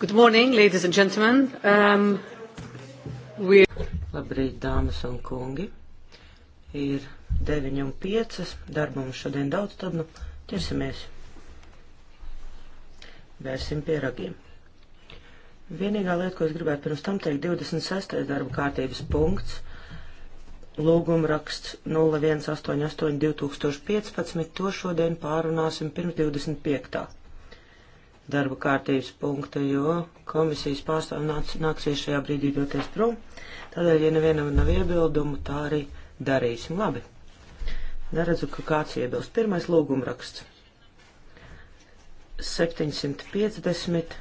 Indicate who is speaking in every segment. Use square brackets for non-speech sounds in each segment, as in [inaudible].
Speaker 1: Good morning, ladies and gentlemen. Um, we... Labrīt, dāmas un kungi. Ir 9 un 5. Darba mums šodien daudz, tad nu ķersimies. Vērsim pie ragiem. Vienīgā lieta, ko es gribētu pirms tam teikt, 26. darba kārtības punkts. Lūguma raksts 0188 2015. To šodien pārunāsim pirms 25 darba kārtības punkta, jo komisijas pārstāv nāc, nāksies šajā brīdī doties prom. Tādēļ, ja nevienam nav iebildumu, tā arī darīsim. Labi. Neredzu, ka kāds iebilst. Pirmais lūgumraksts. 750.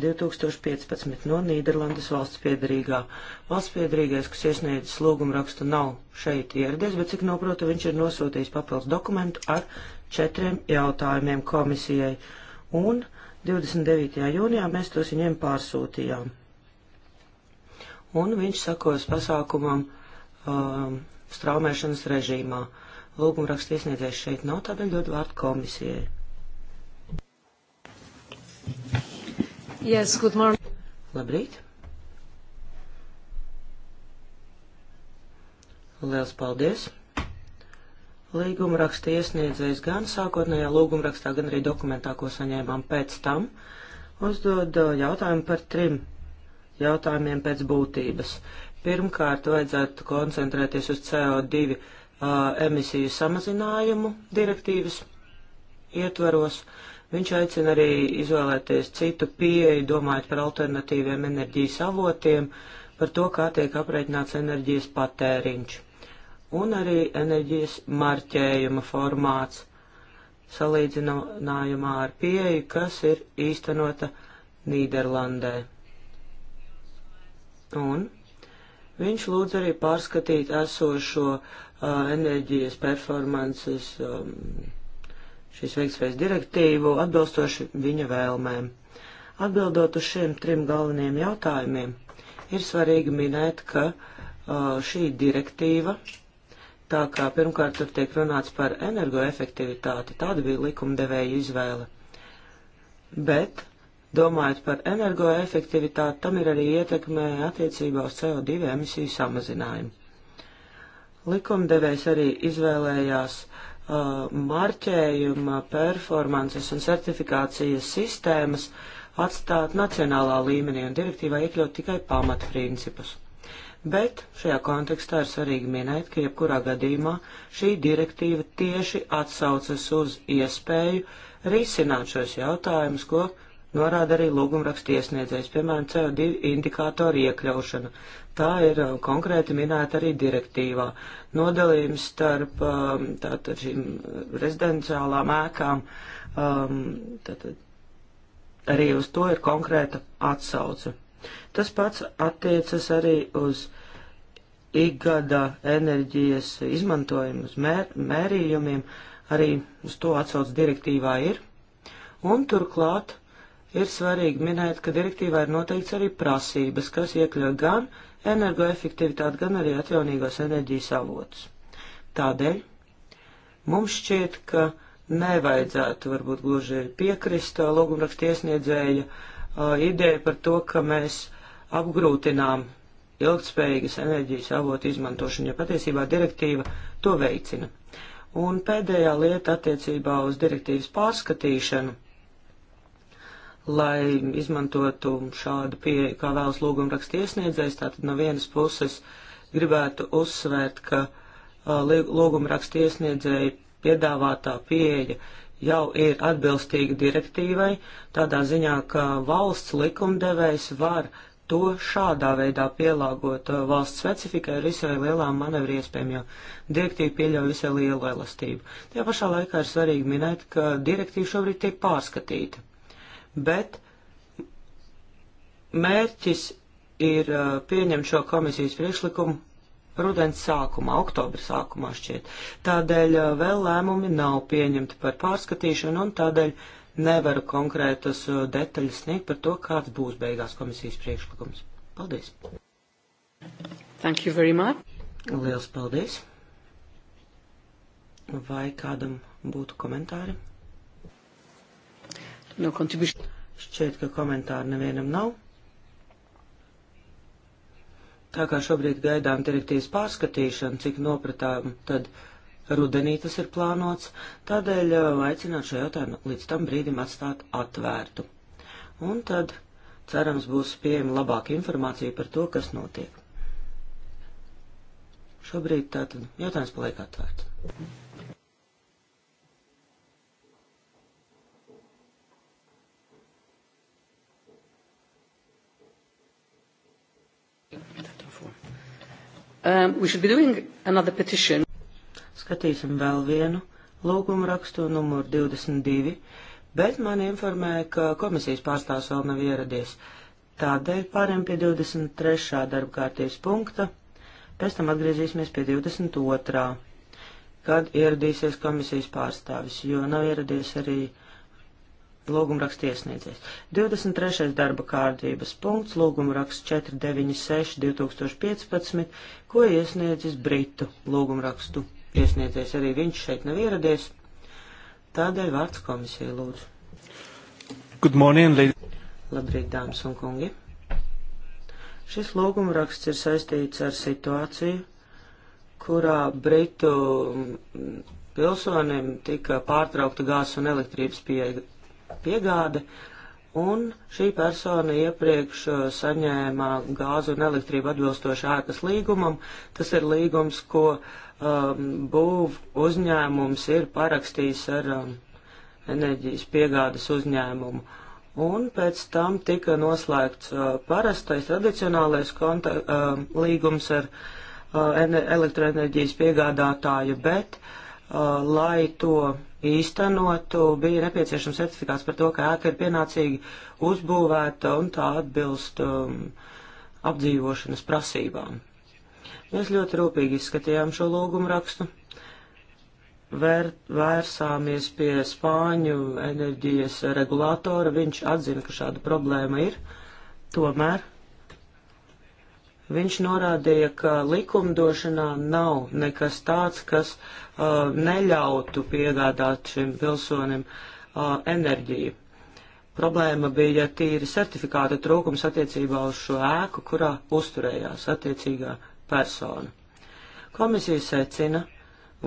Speaker 1: 2015 no Nīderlandes valsts piedarīgā. Valsts piedarīgais, kas iesniedzis lūgumrakstu, nav šeit ieradies, bet cik noprotu, viņš ir nosūtījis papildus dokumentu ar četriem jautājumiem komisijai. Uh, un 29. jūnijā mēs tos viņiem pārsūtījām. Un viņš sakos pasākumam um, straumēšanas režīmā. Lūguma raksts iesniedzējs šeit nav, tādēļ dod vārdu komisijai.
Speaker 2: Yes, good morning.
Speaker 1: Labrīt. Liels paldies Līguma raksta iesniedzējs gan sākotnējā lūguma rakstā, gan arī dokumentā, ko saņēmām pēc tam, uzdod uh, jautājumu par trim jautājumiem pēc būtības. Pirmkārt, vajadzētu koncentrēties uz CO2 uh, emisiju samazinājumu direktīvas ietvaros. Viņš aicina arī izvēlēties citu pieeju, domājot par alternatīviem enerģijas avotiem, par to, kā tiek aprēķināts enerģijas patēriņš un arī enerģijas marķējuma formāts salīdzinājumā ar pieeju, kas ir īstenota Nīderlandē. Un viņš lūdz arī pārskatīt esošo uh, enerģijas performances um, šīs veiksmēs direktīvu atbilstoši viņa vēlmēm. Atbildot uz šiem trim galveniem jautājumiem, ir svarīgi minēt, ka uh, šī direktīva Tā kā pirmkārt tur tiek runāts par energoefektivitāti, tāda bija likumdevēja izvēle. Bet, domājot par energoefektivitāti, tam ir arī ietekme attiecībā uz CO2 emisiju samazinājumu. Likumdevējs arī izvēlējās uh, marķējuma, performances un certifikācijas sistēmas atstāt nacionālā līmenī un direktīvā iekļaut tikai pamatprincipus. principus bet šajā kontekstā ir svarīgi minēt, ka jebkurā gadījumā šī direktīva tieši atsaucas uz iespēju risināt šos jautājumus, ko norāda arī lūgumraksta iesniedzējs, piemēram, CO2 indikātoru iekļaušana. Tā ir um, konkrēti minēta arī direktīvā. Nodalījums starp um, tātad šīm rezidenciālām ēkām, um, tātad arī uz to ir konkrēta atsauce. Tas pats attiecas arī uz ikgada enerģijas izmantojumu, uz mēr mērījumiem, arī uz to atsauc direktīvā ir. Un turklāt ir svarīgi minēt, ka direktīvā ir noteikts arī prasības, kas iekļauj gan energoefektivitāti, gan arī atjaunīgos enerģijas avotus. Tādēļ mums šķiet, ka nevajadzētu varbūt gluži piekrist lūgumrakstu iesniedzēja uh, uh, ideja par to, ka mēs apgrūtinām ilgspējīgas enerģijas avotu izmantošanu, ja patiesībā direktīva to veicina. Un pēdējā lieta attiecībā uz direktīvas pārskatīšanu, lai izmantotu šādu pieeju, kā vēlas lūgumraksta iesniedzējs, tātad no vienas puses gribētu uzsvērt, ka uh, lūgumraksta iesniedzēji piedāvātā pieeja jau ir atbilstīga direktīvai, tādā ziņā, ka valsts likumdevējs var to šādā veidā pielāgot uh, valsts specifikai ar visai lielām manevru iespējām, jo direktīva pieļauj visai lielu elastību. Tajā pašā laikā ir svarīgi minēt, ka direktīva šobrīd tiek pārskatīta, bet mērķis ir uh, pieņemt šo komisijas priekšlikumu rudens sākumā, oktobra sākumā šķiet. Tādēļ uh, vēl lēmumi nav pieņemti par pārskatīšanu un tādēļ nevaru konkrētas uh, detaļas sniegt par to, kāds būs beigās komisijas priekšlikums. Paldies! Thank you very much. Liels paldies! Vai kādam būtu komentāri? No contribution. Šķiet, ka komentāru nevienam nav. Tā kā šobrīd gaidām direktīvas pārskatīšanu, cik nopratām, tad rudenī tas ir plānots, tādēļ aicinātu šo jautājumu līdz tam brīdim atstāt atvērtu. Un tad, cerams, būs pieejama labāka informācija par to, kas notiek. Šobrīd tātad jautājums paliek atvērts. Um, we should be doing another petition. Skatīsim vēl vienu lūgumu rakstu numuru 22, bet man informēja, ka komisijas pārstāvs vēl nav ieradies. Tādēļ pāriem pie 23. darba kārtības punkta, pēc tam atgriezīsimies pie 22. kad ieradīsies komisijas pārstāvis, jo nav ieradies arī uh, Lūgumraksts iesniedzējs. 23. darba kārtības punkts, lūgumraksts 496 2015, ko iesniedzis Britu lūgumrakstu iesniedzējs. Arī viņš šeit nav ieradies. Tādēļ vārds komisija lūdzu.
Speaker 3: Good morning, ladies.
Speaker 1: Labrīt, dāmas un kungi. Šis lūgumraksts ir saistīts ar situāciju, kurā Britu pilsonim tika pārtraukta gāzes un elektrības pieeja piegāde, un šī persona iepriekš uh, saņēma gāzu un elektrību atbilstoši ēkas līgumam. Tas ir līgums, ko um, būv uzņēmums ir parakstījis ar um, enerģijas piegādes uzņēmumu. Un pēc tam tika noslēgts uh, parastais tradicionālais konta, uh, līgums ar uh, elektroenerģijas piegādātāju, bet uh, Uh, lai to īstenotu, bija nepieciešams certifikāts par to, ka ēka ir pienācīgi uzbūvēta un tā atbilst um, apdzīvošanas prasībām. Mēs ļoti rūpīgi izskatījām šo lūgumu rakstu, Vēr, vērsāmies pie Spāņu enerģijas regulātora. Viņš atzina, ka šāda problēma ir. Tomēr Viņš norādīja, ka likumdošanā nav nekas tāds, kas uh, neļautu piegādāt šim pilsonim uh, enerģiju. Problēma bija tīri certifikāta trūkums attiecībā uz šo ēku, kurā uzturējās attiecīgā persona. Komisija secina,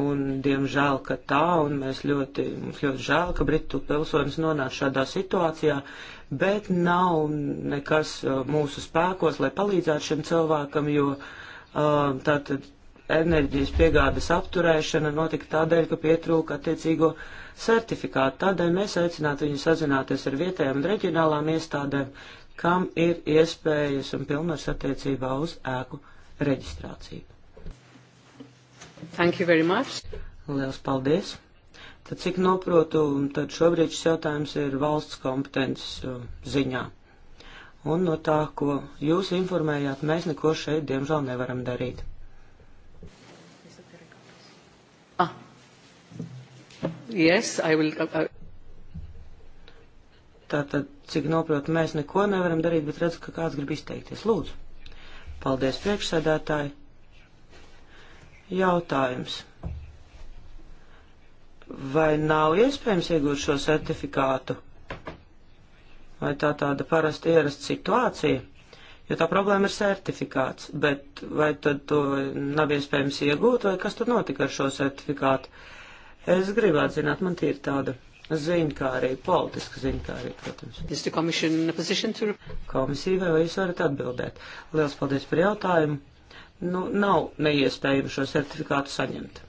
Speaker 1: un diemžēl, ka tā, un mēs ļoti, mums ļoti žēl, ka Britu pilsonis nonāca šādā situācijā, bet nav nekas uh, mūsu spēkos, lai palīdzētu šim cilvēkam, jo uh, tātad enerģijas piegādes apturēšana notika tādēļ, ka pietrūka attiecīgo certifikātu. Tādēļ mēs aicinātu viņu sazināties ar vietējām un reģionālām iestādēm, kam ir iespējas un pilnvars attiecībā uz ēku reģistrāciju. Thank you very much. Lielas paldies. Tad, cik noprotu, tad šobrīd šis jautājums ir valsts kompetences um, ziņā. Un no tā, ko jūs informējāt, mēs neko šeit, diemžēl, nevaram darīt. Ah. Yes, I will, I... Uh, uh. Tātad, cik noprotu, mēs neko nevaram darīt, bet redzu, ka kāds grib izteikties. Lūdzu. Paldies, priekšsēdētāji. Jautājums Vai nav iespējams iegūt šo certifikātu? Vai tā tāda parasta ierasta situācija? Jo tā problēma ir certifikāts, bet vai tad to nav iespējams iegūt, vai kas tad notika ar šo certifikātu? Es gribētu zināt, man tie ir tāda ziņkārība, politiska ziņkārība, protams. To... Komisija, vai jūs varat atbildēt? Liels paldies par jautājumu. Nu, nav neiespējami šo certifikātu saņemt,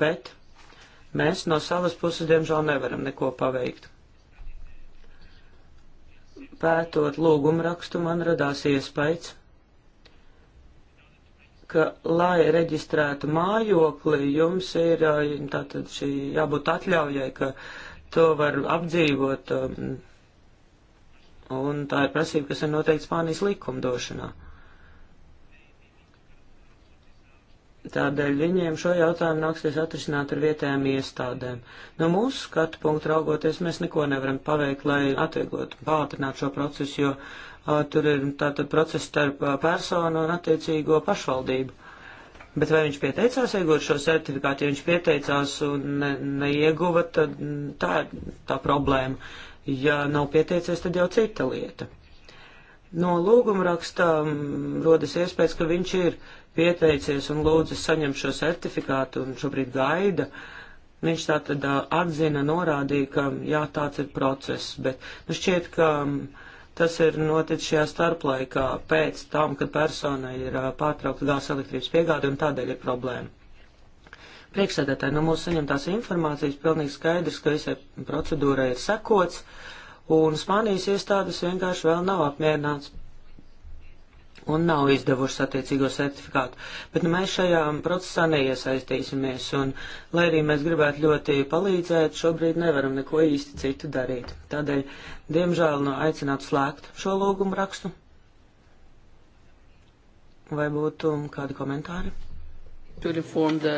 Speaker 1: bet Mēs no savas puses, diemžēl, nevaram neko paveikt. Pētot lūgumu rakstu, man radās iespējas, ka, lai reģistrētu mājokli, jums ir tātad šī jābūt atļaujai, ka to var apdzīvot, un tā ir prasība, kas ir noteikti Spānijas likumdošanā. Tādēļ viņiem šo jautājumu nāksies atrisināt ar vietējām iestādēm. No mūsu skatu punktu raugoties, mēs neko nevaram paveikt, lai atvieglotu, pātrinātu šo procesu, jo uh, tur ir tātad process starp personu un attiecīgo pašvaldību. Bet vai viņš pieteicās iegūt šo certifikātu, ja viņš pieteicās un ne, neieguva, tad tā ir tā problēma. Ja nav pieteicies, tad jau cita lieta. No lūguma raksta rodas iespējas, ka viņš ir pieteicies un lūdza saņemt šo certifikātu un šobrīd gaida. Viņš tā tad atzina, norādīja, ka jā, tāds ir process, bet nu šķiet, ka tas ir noticis šajā starplaikā pēc tam, kad personai ir pārtraukta gāzes elektrības piegāde un tādēļ ir problēma priekšsēdētāji, no nu, mūsu saņemtās informācijas pilnīgi skaidrs, ka visai procedūrai ir sekots, un Spānijas iestādes vienkārši vēl nav apmierināts un nav izdevušas attiecīgo certifikātu. Bet nu, mēs šajā procesā neiesaistīsimies, un, lai arī mēs gribētu ļoti palīdzēt, šobrīd nevaram neko īsti citu darīt. Tādēļ, diemžēl, nu, aicinātu slēgt šo lūgumu rakstu. Vai būtu kādi komentāri? The...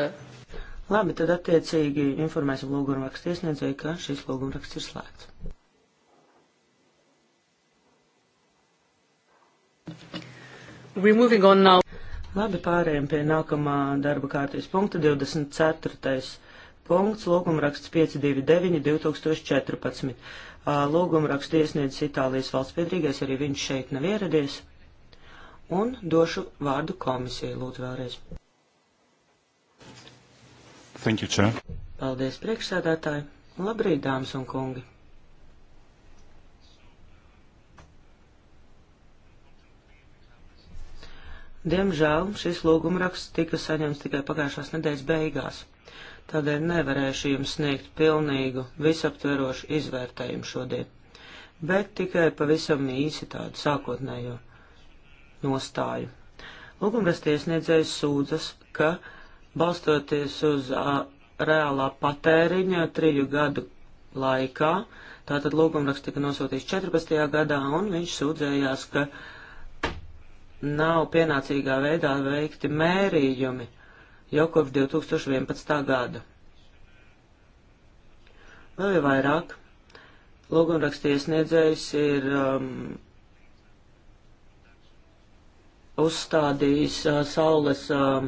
Speaker 1: Labi, tad attiecīgi informēsim lūgumrakstu iesniedzēju, ka šis lūgumraksts ir slēgts. Thank you. Labi, pārējiem pie nākamā darba kārtības punkta, 24. punkts, lūgumraksts 529 2014. Lūgumrakstu iesniedz Itālijas valsts piedrīgais, arī viņš šeit nav ieradies. Un došu vārdu komisijai, lūdzu vēlreiz. Thank you, Chair. Paldies, priekšsēdētāji. Labrīt, dāmas un kungi. Diemžēl šis lūgumraksts tika saņemts tikai pagājušās nedēļas beigās, tādēļ nevarēšu jums sniegt pilnīgu, visaptverošu izvērtējumu šodien, bet tikai pavisam īsi tādu sākotnējo nostāju. Lūgumraksta iesniedzējs sūdzas, ka balstoties uz a, reālā patēriņa triju gadu laikā. Tātad lūgumraksts tika nosūtīts 14. gadā, un viņš sūdzējās, ka nav pienācīgā veidā veikti mērījumi jau kopš 2011. gada. Vēl ir vairāk. Lūgumrakstiesniedzējs ir um, uzstādījis uh, saules uh,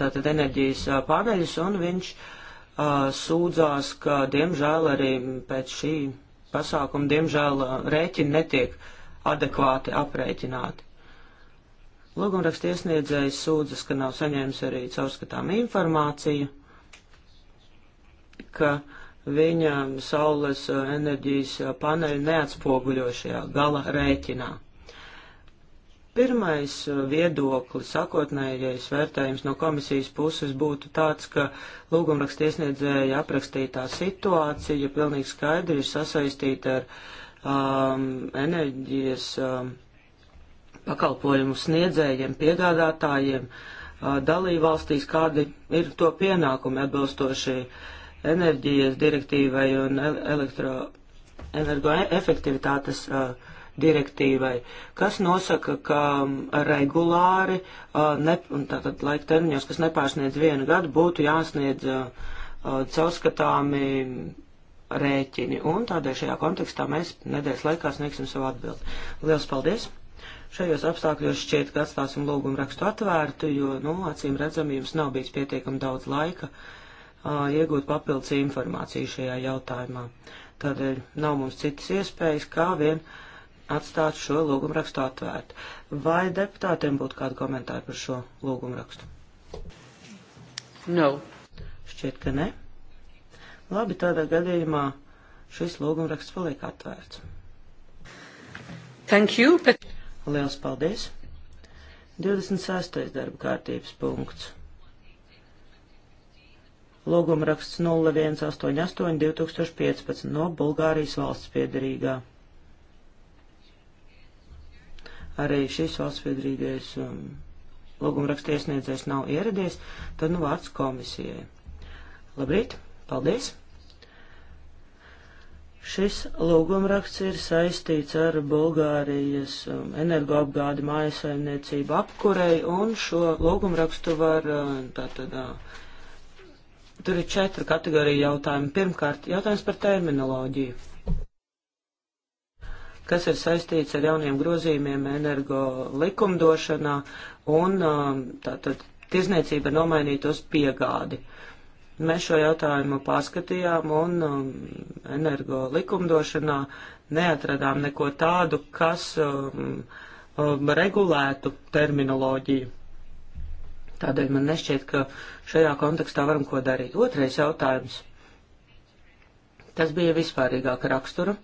Speaker 1: tātad enerģijas uh, paneļus, un viņš uh, sūdzās, ka diemžēl arī pēc šī pasākuma, diemžēl uh, rēķini netiek adekvāti aprēķināti. Lūgumraksta iesniedzējs sūdzas, ka nav saņēmis arī caurskatām informāciju, ka viņa saules uh, enerģijas uh, paneļi neatspoguļo šajā gala rēķinā. Pirmais uh, viedoklis, sākotnējais vērtējums no komisijas puses būtu tāds, ka lūgumraksta iesniedzēja aprakstītā situācija pilnīgi skaidri ir sasaistīta ar um, enerģijas um, pakalpojumu sniedzējiem, piegādātājiem dalībvalstīs, kādi ir to pienākumi atbilstoši enerģijas direktīvai un elektro, energoefektivitātes uh, direktīvai, kas nosaka, ka regulāri, ne, tātad laika termiņos, kas nepārsniedz vienu gadu, būtu jāsniedz caurskatāmi rēķini. Un tādēļ šajā kontekstā mēs nedēļas laikā sniegsim savu atbildi. Lielas paldies! Šajos apstākļos šķiet, ka atstāsim lūgumu rakstu atvērtu, jo, nu, acīm redzami, jums nav bijis pietiekami daudz laika uh, iegūt papildus informāciju šajā jautājumā. Tādēļ nav mums citas iespējas, kā vien atstāt šo lūgumu rakstu atvērtu. Vai deputātiem būtu kādi komentāri par šo lūgumu rakstu? No. Šķiet, ka ne. Labi, tādā gadījumā šis lūgumraksts paliek atvērts. Thank you, bet... Liels paldies! 26. darba kārtības punkts. Lūguma raksts 0188 2015 no Bulgārijas valsts piedarīgā. Arī šis valsts piedarīgais um, lūguma raksts iesniedzējs nav ieradies, tad nu vārds komisijai. Labrīt, paldies! Šis lūgumraksts ir saistīts ar Bulgārijas um, energoapgādi mājasaimniecību apkurei, un šo lūgumrakstu var um, tātad. Uh, tur ir četri kategorija jautājumi. Pirmkārt, jautājums par terminoloģiju kas ir saistīts ar jauniem grozījumiem energo likumdošanā un um, tātad tirzniecība nomainītos piegādi. Uh, Mēs šo jautājumu pārskatījām un um, energo likumdošanā neatradām neko tādu, kas um, um, regulētu terminoloģiju. Tādēļ man nešķiet, ka šajā kontekstā varam ko darīt. Otrais jautājums. Tas bija vispārīgāka rakstura.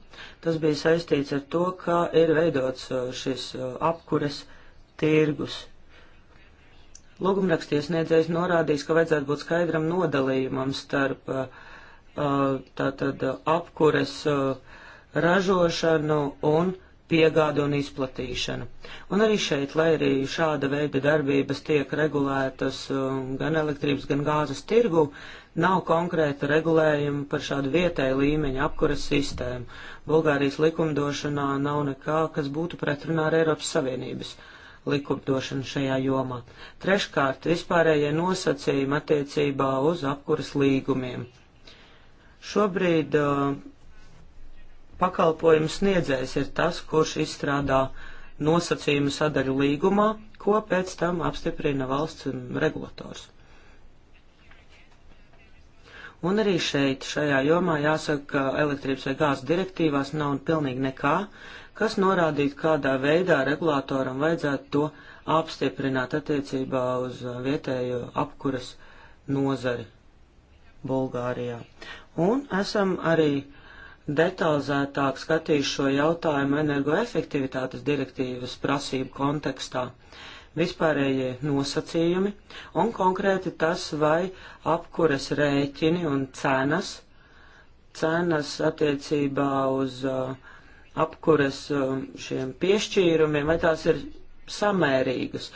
Speaker 1: Tas bija saistīts ar to, ka ir veidots uh, šis uh, apkures tirgus Lūgumrakstiesniedzējs norādījis, ka vajadzētu būt skaidram nodalījumam starp uh, uh, tātad uh, apkures ražošanu un piegādu un izplatīšanu. Un arī šeit, lai arī šāda veida darbības tiek regulētas um, gan elektrības, gan gāzes tirgu, nav konkrēta regulējuma par šādu vietēju līmeņu apkuras sistēmu. Bulgārijas likumdošanā nav nekā, kas būtu pretrunā ar Eiropas Savienības uh, likumdošanu šajā jomā. Treškārt, vispārējie nosacījumi attiecībā uz apkuras līgumiem. Šobrīd uh, pakalpojumu sniedzējs ir tas, kurš izstrādā nosacījumu sadaļu līgumā, ko pēc tam apstiprina valsts un regulators. Un arī šeit, šajā jomā, jāsaka, ka elektrības vai gāzes direktīvās nav pilnīgi nekā, kas norādītu, kādā veidā regulātoram vajadzētu to apstiprināt attiecībā uz uh, vietējo apkuras nozari Bulgārijā. Un esam arī detalizētāk skatījuši šo jautājumu energoefektivitātes direktīvas prasību kontekstā vispārējie nosacījumi un konkrēti tas, vai apkuras rēķini un cenas, cenas attiecībā uz uh, apkuras um, šiem piešķīrumiem, vai tās ir samērīgas.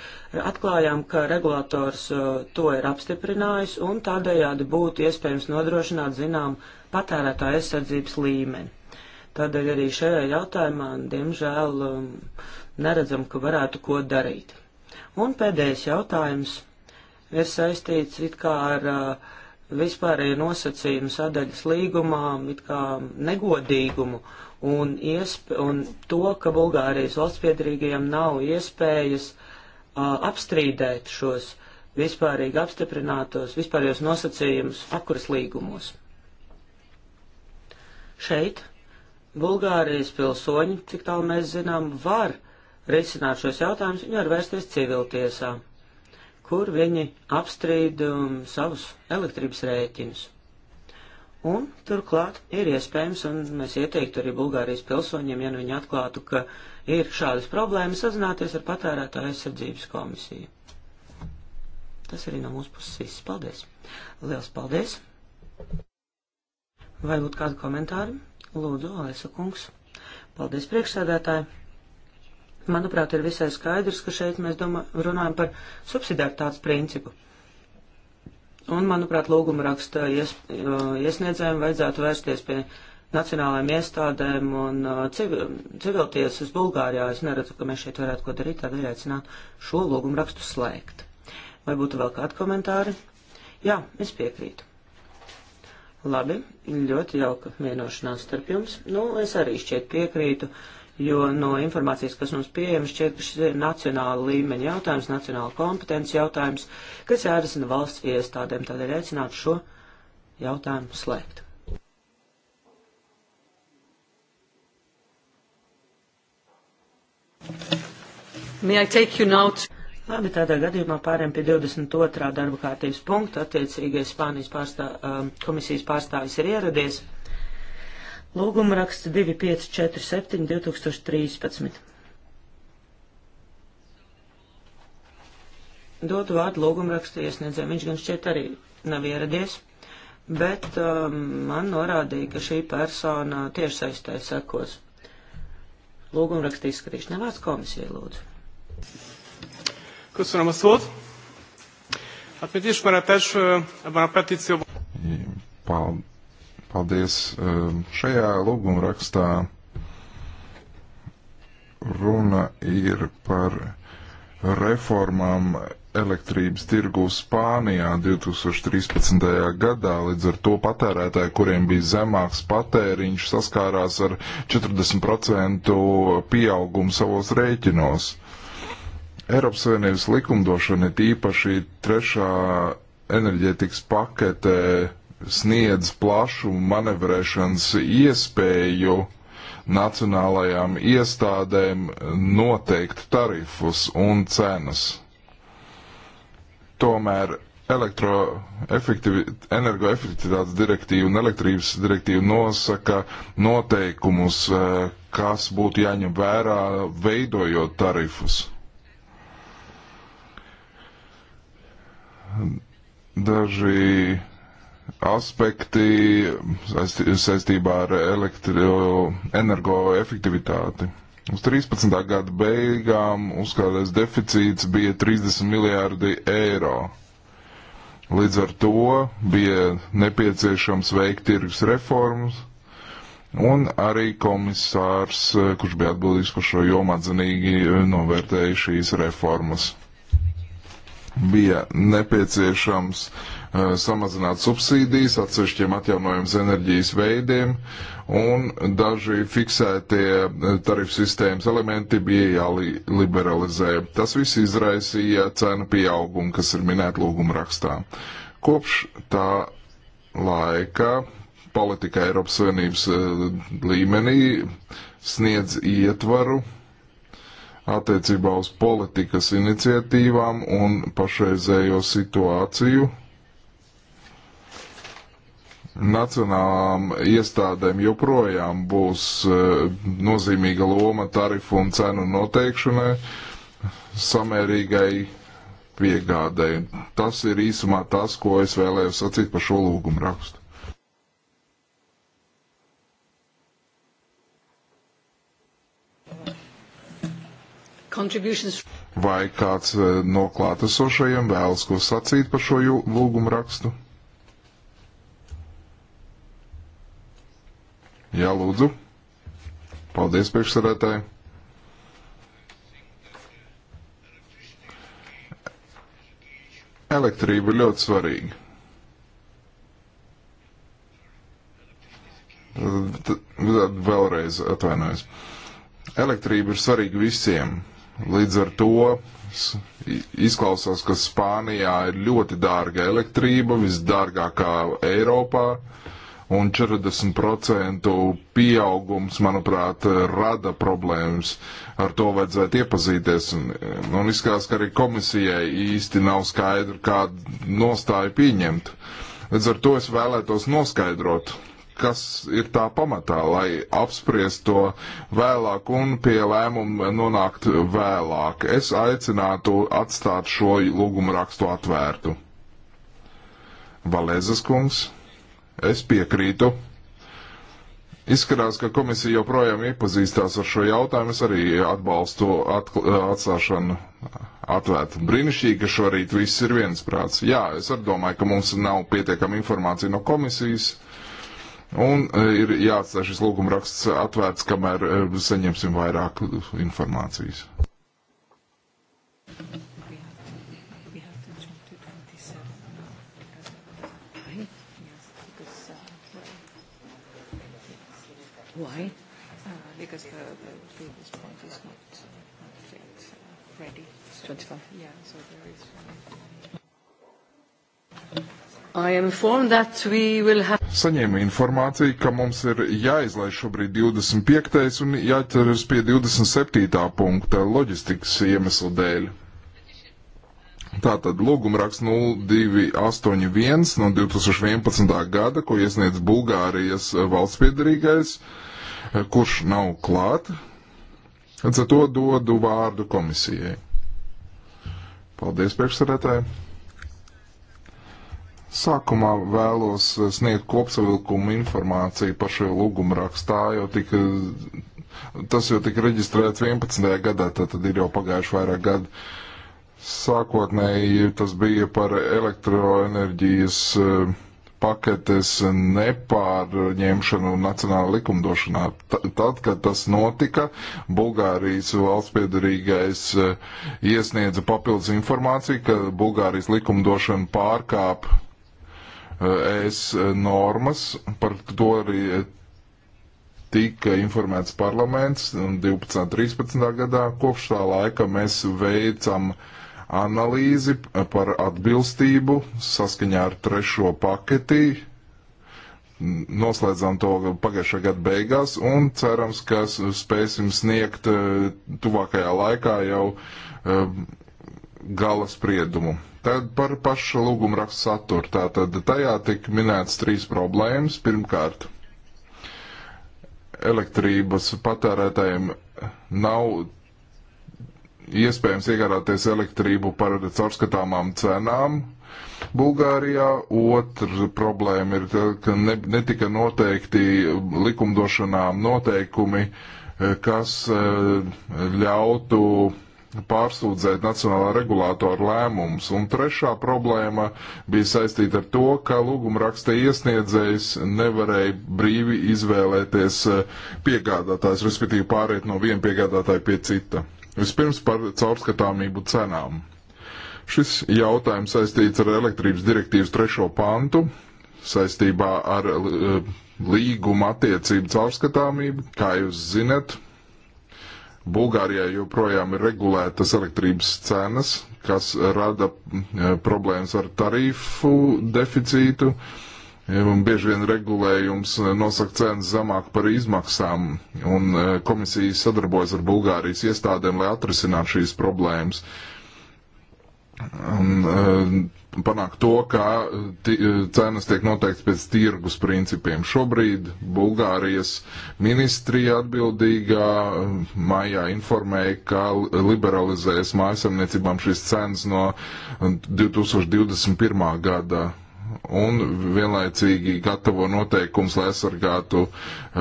Speaker 1: Atklājām, ka regulators uh, to ir apstiprinājis un tādējādi būtu iespējams nodrošināt zinām patērētāja aizsardzības līmeni. Tādēļ arī šajā jautājumā, diemžēl, um, neredzam, ka varētu ko darīt. Un pēdējais jautājums ir saistīts it kā ar uh, vispārēji nosacījumi sadaļas līgumā it kā negodīgumu un, iesp un to, ka Bulgārijas valsts piedarīgajiem nav iespējas uh, apstrīdēt šos vispārīgi apstiprinātos, vispārējos nosacījumus apkuras līgumos. Šeit Bulgārijas pilsoņi, cik tālu mēs zinām, var risināt šos jautājumus, viņi var vērsties civiltiesā. tiesā kur viņi apstrīd um, savus elektrības rēķinus. Un turklāt ir iespējams, un mēs ieteiktu arī Bulgārijas pilsoņiem, ja nu viņi atklātu, ka ir šādas problēmas, sazināties ar patērētāju aizsardzības komisiju. Tas arī no mūsu puses viss. Paldies! Liels paldies! Vai būtu kādi komentāri? Lūdzu, Alisa kungs. Paldies priekšsēdētāji! Manuprāt, ir visai skaidrs, ka šeit mēs domā, runājam par subsidiartāts principu. Un, manuprāt, lūguma raksta ies, uh, iesniedzējiem vajadzētu vērsties pie nacionālajām iestādēm un uh, civil, civiltiesas Bulgārijā. Es neredzu, ka mēs šeit varētu ko darīt, tādēļ aicinātu šo lūgumu rakstu slēgt. Vai būtu vēl kādi komentāri? Jā, es piekrītu. Labi, ļoti jauka vienošanās starp jums. Nu, es arī šķiet piekrītu. Uh, jo no informācijas, kas mums pieejama, šķiet, ka šis ir nacionāla līmeņa jautājums, nacionāla kompetences jautājums, kas jārisina valsts iestādēm, tādēļ aicinātu šo jautājumu slēgt. May I take you now to... Labi, tādā gadījumā pāriem pie 22. darba kārtības punkta. Attiecīgais Spānijas pārstā, um, komisijas pārstāvis ir ieradies. Lūguma raksts 2547 2013. Dotu vārdu lūguma rakstu iesniedzējiem. Viņš gan šķiet arī nav ieradies, bet um, man norādīja, ka šī persona tiešsaistē sekos. Lūguma rakstu izskatīšana vārds komisijai lūdzu.
Speaker 2: Köszönöm a szót. Hát, mint ismeretes, ebben a petícióban... Paldies Paldies. Um, šajā lūguma rakstā runa ir par reformām elektrības tirgu Spānijā 2013. gadā. Līdz ar to patērētāji, kuriem bija zemāks patēriņš, saskārās ar 40% pieaugumu savos rēķinos. Eiropas Savienības likumdošana, tīpaši trešā enerģētikas pakete sniedz plašu manevrēšanas iespēju nacionālajām iestādēm noteikt tarifus un cenas. Tomēr energoefektivitātes direktīva un elektrības direktīva nosaka noteikumus, eh, kas būtu jāņem vērā, veidojot tarifus. Daži aspekti saistībā ar energoefektivitāti. Uz 13. gada beigām uzkrātais deficīts bija 30 miljārdi eiro. Līdz ar to bija nepieciešams veikt tirgus reformas, un arī komisārs, kurš bija atbildīgs par šo jomu, atzinīgi novērtēja šīs reformas. Bija nepieciešams uh, Uh, samazināt subsīdijas atsevišķiem atjaunojums enerģijas veidiem, un daži fiksētie uh, tarifu sistēmas elementi bija jāliberalizē. Tas viss izraisīja cenu pieaugumu, kas ir minēta lūguma rakstā. Kopš tā laika politika Eiropas Savienības uh, līmenī sniedz ietvaru attiecībā uz politikas iniciatīvām un pašreizējo situāciju nacionālām iestādēm joprojām būs e, nozīmīga loma tarifu un cenu noteikšanai, samērīgai piegādēji. Tas ir īsumā tas, ko es vēlējos sacīt par šo lūgumu rakstu. Vai kāds e, no klātesošajiem vēlas ko sacīt par šo lūgumu rakstu? Jā, lūdzu. Paldies, priekšsarētāji. Elektrība ir ļoti svarīga. Tad vēlreiz atvainojos. Elektrība ir svarīga visiem. Līdz ar to izklausās, ka Spānijā ir ļoti dārga elektrība, visdārgākā Eiropā. Uh, un 40% pieaugums, manuprāt, rada problēmas. Ar to vajadzētu iepazīties. Un, un izskatās, ka arī komisijai īsti nav skaidra, kādu nostāju pieņemt. Līdz ar to es vēlētos noskaidrot, kas ir tā pamatā, lai apspriest to vēlāk un pie lēmumu nonākt vēlāk. Es aicinātu atstāt šo lūgumu rakstu atvērtu. Valēzes kungs. Es piekrītu. Izskatās, ka komisija joprojām iepazīstās ar šo jautājumu. Es arī atbalstu atstāšanu atvērtu. Brīnišķīgi, ka šorīt viss ir viensprāts. Jā, es arī domāju, ka mums nav pietiekama informācija no komisijas. Un e, ir jāatstāj šis lūguma raksts atvērts, kamēr e, saņemsim vairāk informācijas. Why? Uh, because uh, the, the previous point is not, not fit, uh, uh, ready. So, 25. Yeah, so there is one. Uh, I am informed that we will have. Saņēmu informāciju, ka mums ir jāizlaiž šobrīd 25. un jāķeras pie 27. punkta loģistikas iemeslu dēļ. Tātad lūgumraksts 0281 no 2011. gada, ko iesniedz Bulgārijas valsts piedarīgais. Uh, kurš nav klāt. Līdz ar to dodu vārdu komisijai. Paldies, priekšsarētāji! Sākumā vēlos sniegt kopsavilkumu informāciju par šo lūgumu rakstā, jo tika, tas jau tika reģistrēts 11. gadā, tad, tad ir jau pagājuši vairāk gadu. Sākotnēji tas bija par elektroenerģijas uh, paketes nepārņemšanu nacionālā likumdošanā. Tad, kad tas notika, Bulgārijas valsts piedarīgais eh, iesniedza papildus informāciju, ka Bulgārijas likumdošana pārkāp eh, ES eh, normas. Par to arī tika informēts parlaments 12. un 13. gadā. Kopš tā laika mēs veicam uh, analīzi eh, par atbilstību saskaņā ar trešo paketī. Noslēdzām to pagājušā gada beigās un cerams, ka spēsim sniegt eh, tuvākajā laikā jau eh, gala spriedumu. Tad par pašu lūgumu rakstu saturu. Tātad tajā tika minētas trīs problēmas. Pirmkārt, elektrības patērētājiem nav iespējams iegādāties elektrību par caurskatāmām cenām. Bulgārijā otra problēma ir, ka ne, netika noteikti likumdošanām noteikumi, eh, kas eh, ļautu pārsūdzēt nacionālā regulātora lēmumus. Un trešā problēma bija saistīta ar to, ka lūgumraksta iesniedzējs nevarēja brīvi izvēlēties eh, piegādātājs, respektīvi pāriet no viena piegādātāja pie cita. Vispirms par caurskatāmību cenām. Šis jautājums saistīts ar elektrības direktīvas trešo pantu saistībā ar eh, līguma attiecību caurskatāmību. Kā jūs zinat, Bulgārijā joprojām ir regulētas elektrības cenas, kas rada eh, problēmas ar tarifu deficītu. Uh, Un bieži vien regulējums eh, nosaka cenas zemāk par izmaksām, un eh, komisija sadarbojas ar Bulgārijas iestādēm, lai atrisinātu šīs problēmas. Un, eh, panākt to, ka cenas tiek noteikts pēc tirgus principiem. Šobrīd Bulgārijas ministrija atbildīgā maijā informēja, ka liberalizēs mājasemniecībām šīs cenas no 2021. gada un vienlaicīgi gatavo noteikums, lai aizsargātu uh,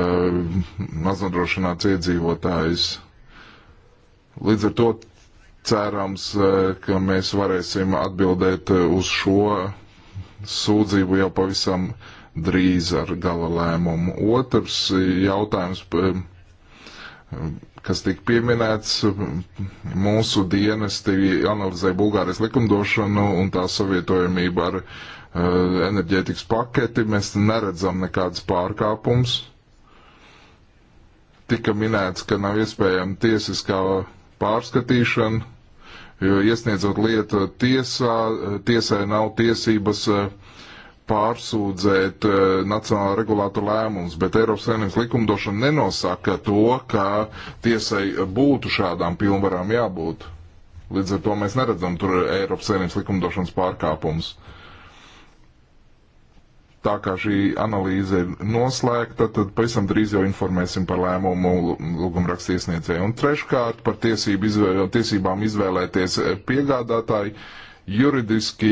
Speaker 2: maznodrošināts iedzīvotājus. Līdz ar to cerams, uh, ka mēs varēsim atbildēt eh, uz šo sūdzību jau pavisam drīz ar gala lēmumu. Otrs jautājums. Uh, kas tika pieminēts, mūsu dienesti analizē Bulgārijas likumdošanu un tā savietojamību ar uh, Eh, enerģētikas paketi, mēs neredzam nekādas pārkāpums. Tika minēts, ka nav iespējama tiesiskā pārskatīšana, jo iesniedzot lietu tiesā, eh, tiesai nav tiesības eh, pārsūdzēt nacionālā regulātora lēmumus, bet Eiropas Savienības likumdošana nenosaka to, ka tiesai būtu šādām pilnvarām jābūt. Līdz ar to mēs neredzam tur Eiropas Savienības likumdošanas pārkāpumus. Uh, tā kā šī analīze ir noslēgta, tad pavisam drīz jau informēsim par lēmumu lūgumraksta iesniedzēju. Un treškārt par tiesību izvēl, tiesībām izvēlēties piegādātāji. Juridiski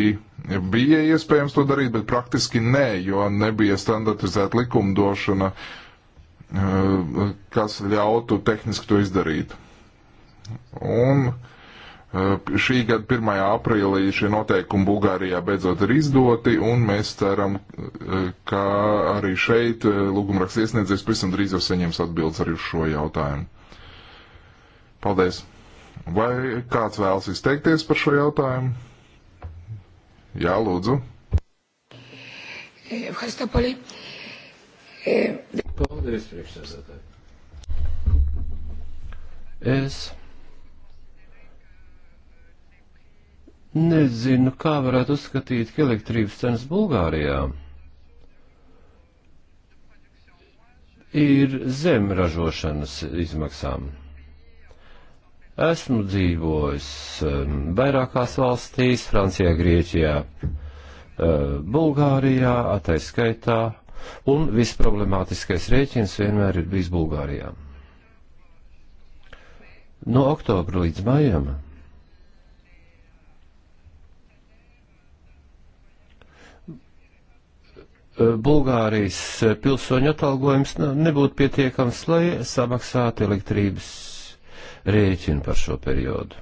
Speaker 2: bija iespējams to darīt, bet praktiski nē, jo nebija standartizēta likumdošana, eh, kas ļautu tehniski to izdarīt. Un uh, Eh, šī gada 1. aprīlī šie noteikumi Bulgārijā beidzot ir izdoti, un mēs ceram, eh, ka arī šeit eh, lūgumraksts iesniedzējs pavisam drīz jau saņems atbildes arī uz šo jautājumu. Paldies! Vai kāds vēlas izteikties par šo jautājumu? Jā, lūdzu.
Speaker 3: Paldies, priekšsēdētāji. Es Nezinu, kā varētu uzskatīt, ka elektrības cenas Bulgārijā ir zem ražošanas izmaksām. Esmu dzīvojis um, vairākās valstīs, Francijā, Grieķijā, uh, Bulgārijā, ataiskaitā, un visproblemātiskais rēķins vienmēr ir bijis Bulgārijā. No oktobra līdz maijam Eh, Bulgārijas eh, pilsoņu atalgojums nebūtu pietiekams, lai samaksātu elektrības rēķinu par šo periodu.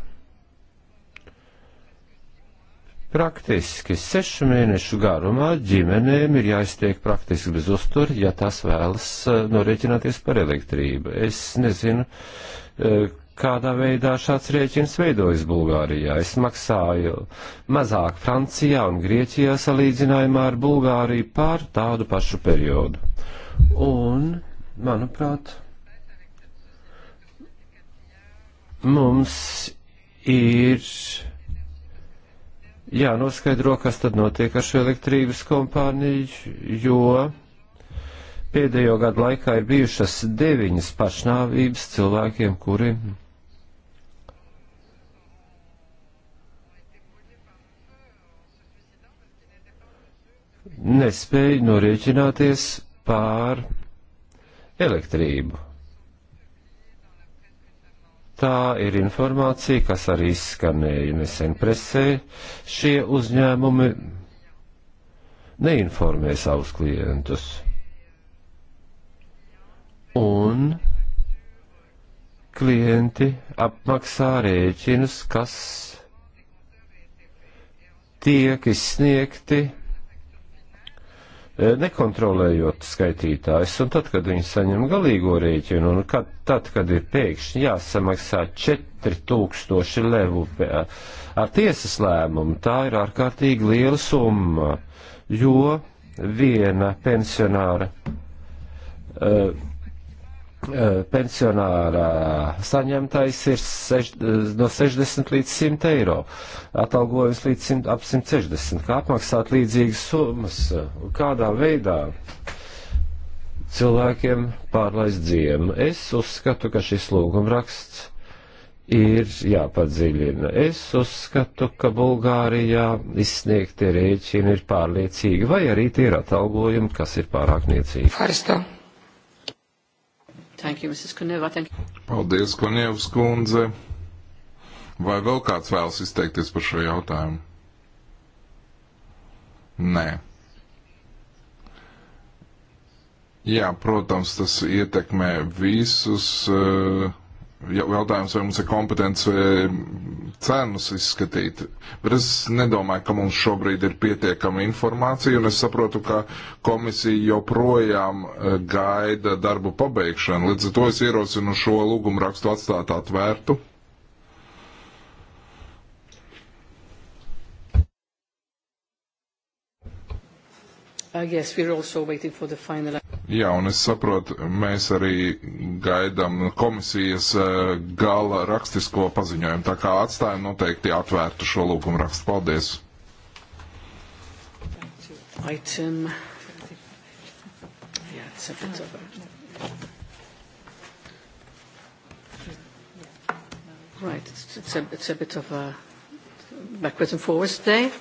Speaker 3: Praktiski sešu mēnešu garumā ģimenēm ir jāiztiek praktiski bez uzturi, ja tās vēlas eh, norēķināties par elektrību. Es nezinu, kādā veidā šāds rēķins veidojas Bulgārijā. Es maksāju mazāk Francijā un Grieķijā salīdzinājumā ar Bulgāriju pār tādu pašu periodu. Un, manuprāt, mums ir jānoskaidro, kas tad notiek ar šo elektrības kompāniju, jo pēdējo gadu laikā ir bijušas deviņas pašnāvības cilvēkiem, kuri nespēja norēķināties pār elektrību. Tā ir informācija, kas arī izskanēja nesen presē. Šie uzņēmumi neinformē savus klientus. Un klienti apmaksā rēķinus, kas tiek izsniegti Eh, nekontrolējot skaitītājs, un tad, kad viņi saņem galīgo rēķinu, un kad, tad, kad ir pēkšņi jāsamaksā 4000 levu ar tiesas lēmumu, tā ir ārkārtīgi liela summa, jo viena pensionāra uh, Eh, pensionārā saņemtais ir seš, eh, no 60 līdz 100 eiro, atalgojums līdz 100, ap 160, kā apmaksāt līdzīgas summas, kādā veidā cilvēkiem pārlaist dziemu. Es uzskatu, ka šis lūgumraksts ir jāpadziļina. Es uzskatu, ka Bulgārijā izsniegtie rēķini ir pārliecīgi, vai arī tie ir atalgojumi, kas ir pārāk niecīgi.
Speaker 1: Farstā. Thank you, Mrs. Kuneva. Thank you.
Speaker 2: Paldies, Kunievs kundze. Vai vēl kāds vēlas izteikties par šo jautājumu? Nē. Jā, protams, tas ietekmē visus uh, Jautājums, vai mums ir kompetence mm, cenas izskatīt. Bet es nedomāju, ka mums šobrīd ir pietiekama informācija, un es saprotu, ka komisija joprojām eh, gaida darbu pabeigšanu. Līdz ar to es ierosinu šo lūgumu rakstu atstāt atvērtu
Speaker 3: Uh, yes, we're also waiting for the final.
Speaker 2: Jā, un es saprotu, mēs arī gaidām komisijas uh, gala rakstisko paziņojumu, tā kā atstājam noteikti atvērtu šo lūgumu rakstu. Paldies!
Speaker 1: Item. Yeah, it's a bit of a... Right, it's, it's, a, it's a bit
Speaker 3: of a backwards and forwards day.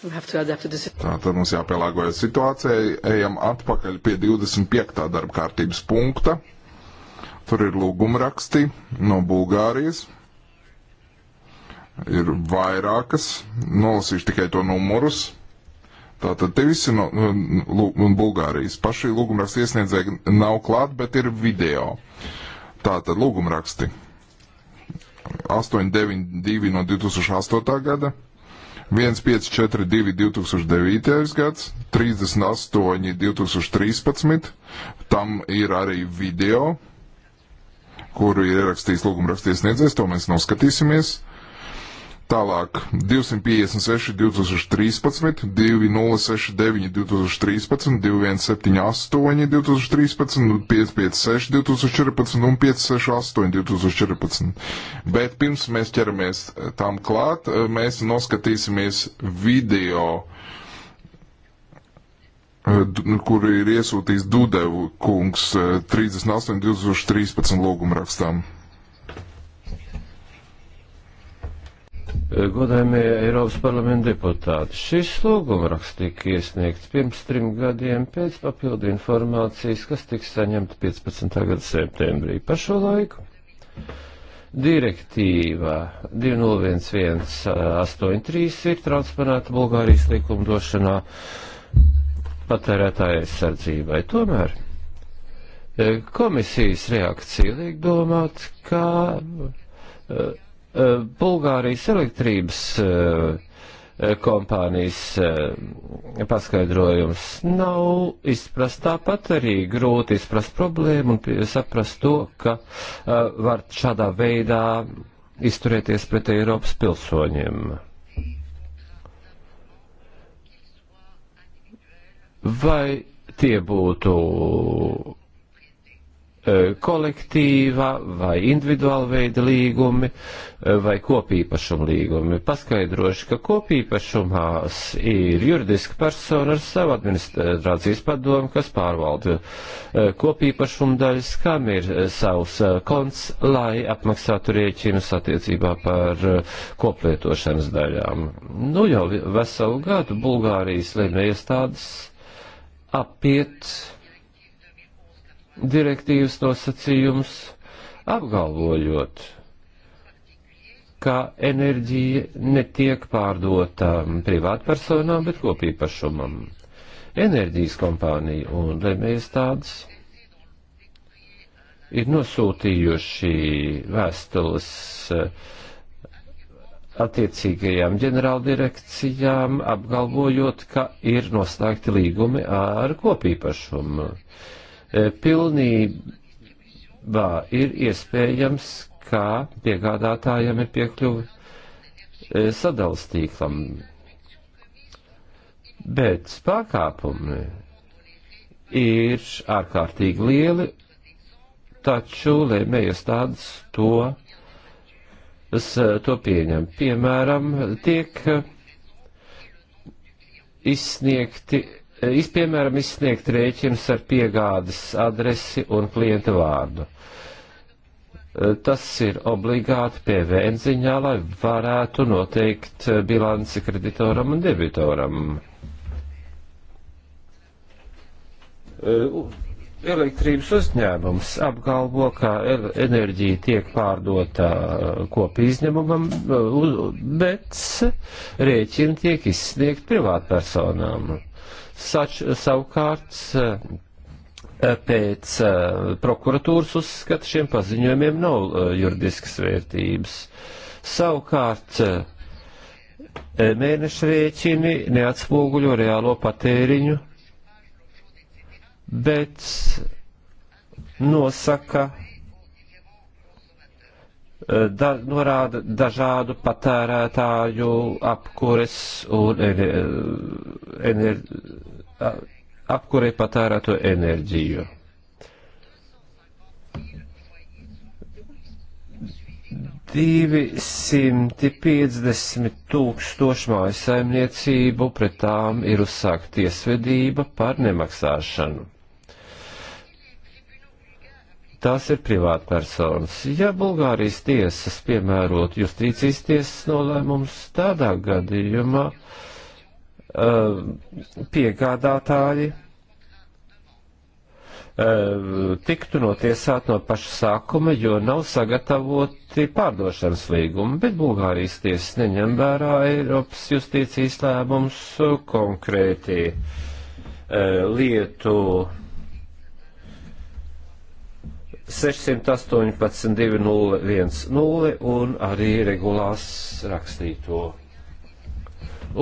Speaker 3: To to
Speaker 2: Tā tad mums jāpielāgojas situācijai. Ejam atpakaļ pie 25. darba kārtības punkta. Tur ir lūgumraksti no Bulgārijas. Ir vairākas. Nolasīšu tikai to numurus. Tātad te visi no nu, Bulgārijas. Paši lūgumraksti iesniedzēji nav klāt, bet ir video. Tātad lūgumraksti. 892 no 2008. gada. 1542 2009. gads, 38 2013. Tam ir arī video, kuru ir ierakstījis lūgumrakstiesniedzējs, to mēs noskatīsimies. Tālāk 256, 2013, 2069, 2013, 2178, 2013, 556, 2014 un 568, 2014. Bet pirms mēs ķeramies eh, tam klāt, eh, mēs noskatīsimies video, eh, nu, kur ir iesūtīts Dudevu kungs 38, 2013 lūgumrakstām.
Speaker 3: Eh, godājumie Eiropas parlamenta deputāti, šis lūgumraksts tika iesniegts pirms trim gadiem pēc papildu informācijas, kas tika saņemta 15. gada septembrī. Par šo laiku direktīva 201183 ir transponēta Bulgārijas likumdošanā patērētāja aizsardzībai. Tomēr eh, komisijas reakcija liek domāt, ka eh, Eh, Bulgārijas elektrības eh, kompānijas eh, paskaidrojums nav izprast tāpat arī grūti izprast problēmu un saprast to, ka var šādā veidā izturēties pret Eiropas pilsoņiem. Vai tie būtu E, kolektīva vai individuāla veida līgumi e, vai kopīpašuma līgumi. Paskaidrošu, ka kopīpašumās ir juridiska persona ar savu administrācijas padomu, kas pārvalda e, kopīpašuma daļas, kam ir savs konts, lai apmaksātu rēķinus attiecībā par koplietošanas daļām. Nu jau veselu gadu Bulgārijas lēmējiestādes apiet direktīvas nosacījums, apgalvojot, ka enerģija netiek pārdota privātpersonām, bet kopīpašumam. Enerģijas kompānija un lemējas tādas ir nosūtījuši vēstules eh, attiecīgajām ģenerāldirekcijām, apgalvojot, ka ir noslēgti līgumi ar kopīpašumu. Eh, pilnībā ir iespējams, kā piegādātājiem ir piekļuvi eh, sadalas tīklam. Bet pārkāpumi ir ārkārtīgi lieli, taču lēmējas tādas to, to pieņem. Piemēram, tiek eh, izsniegti Eh, izpiemēram izsniegt rēķinus ar piegādes adresi un klienta vārdu. Eh, tas ir obligāti PVN ziņā, lai varētu noteikt eh, bilanci kreditoram un debitoram. Elektrības uzņēmums apgalvo, ka enerģija tiek pārdota kopi izņēmumam, bet rēķini tiek izsniegt privātpersonām Sač, savukārt eh, eh, pēc eh, prokuratūras uzskata šiem paziņojumiem nav juridiskas vērtības. Savukārt mēneša rēķini neatspoguļo reālo patēriņu, bet nosaka Eh, da, norāda dažādu patērētāju apkures un ener, eh, ener, apkurē patērēto enerģiju. Divi simti piecdesmit tūkstoši mājasaimniecību pret tām ir uzsākt tiesvedība par nemaksāšanu tās ir privātpersonas. Ja Bulgārijas tiesas piemērot justīcijas tiesas nolēmums tādā gadījumā, uh, piegādātāji eh, tiktu notiesāt no paša sākuma, jo nav sagatavoti pārdošanas līgumi, bet Bulgārijas tiesas neņem vērā Eiropas justīcijas lēmums konkrēti eh, lietu 618 2010 un arī regulās rakstīto.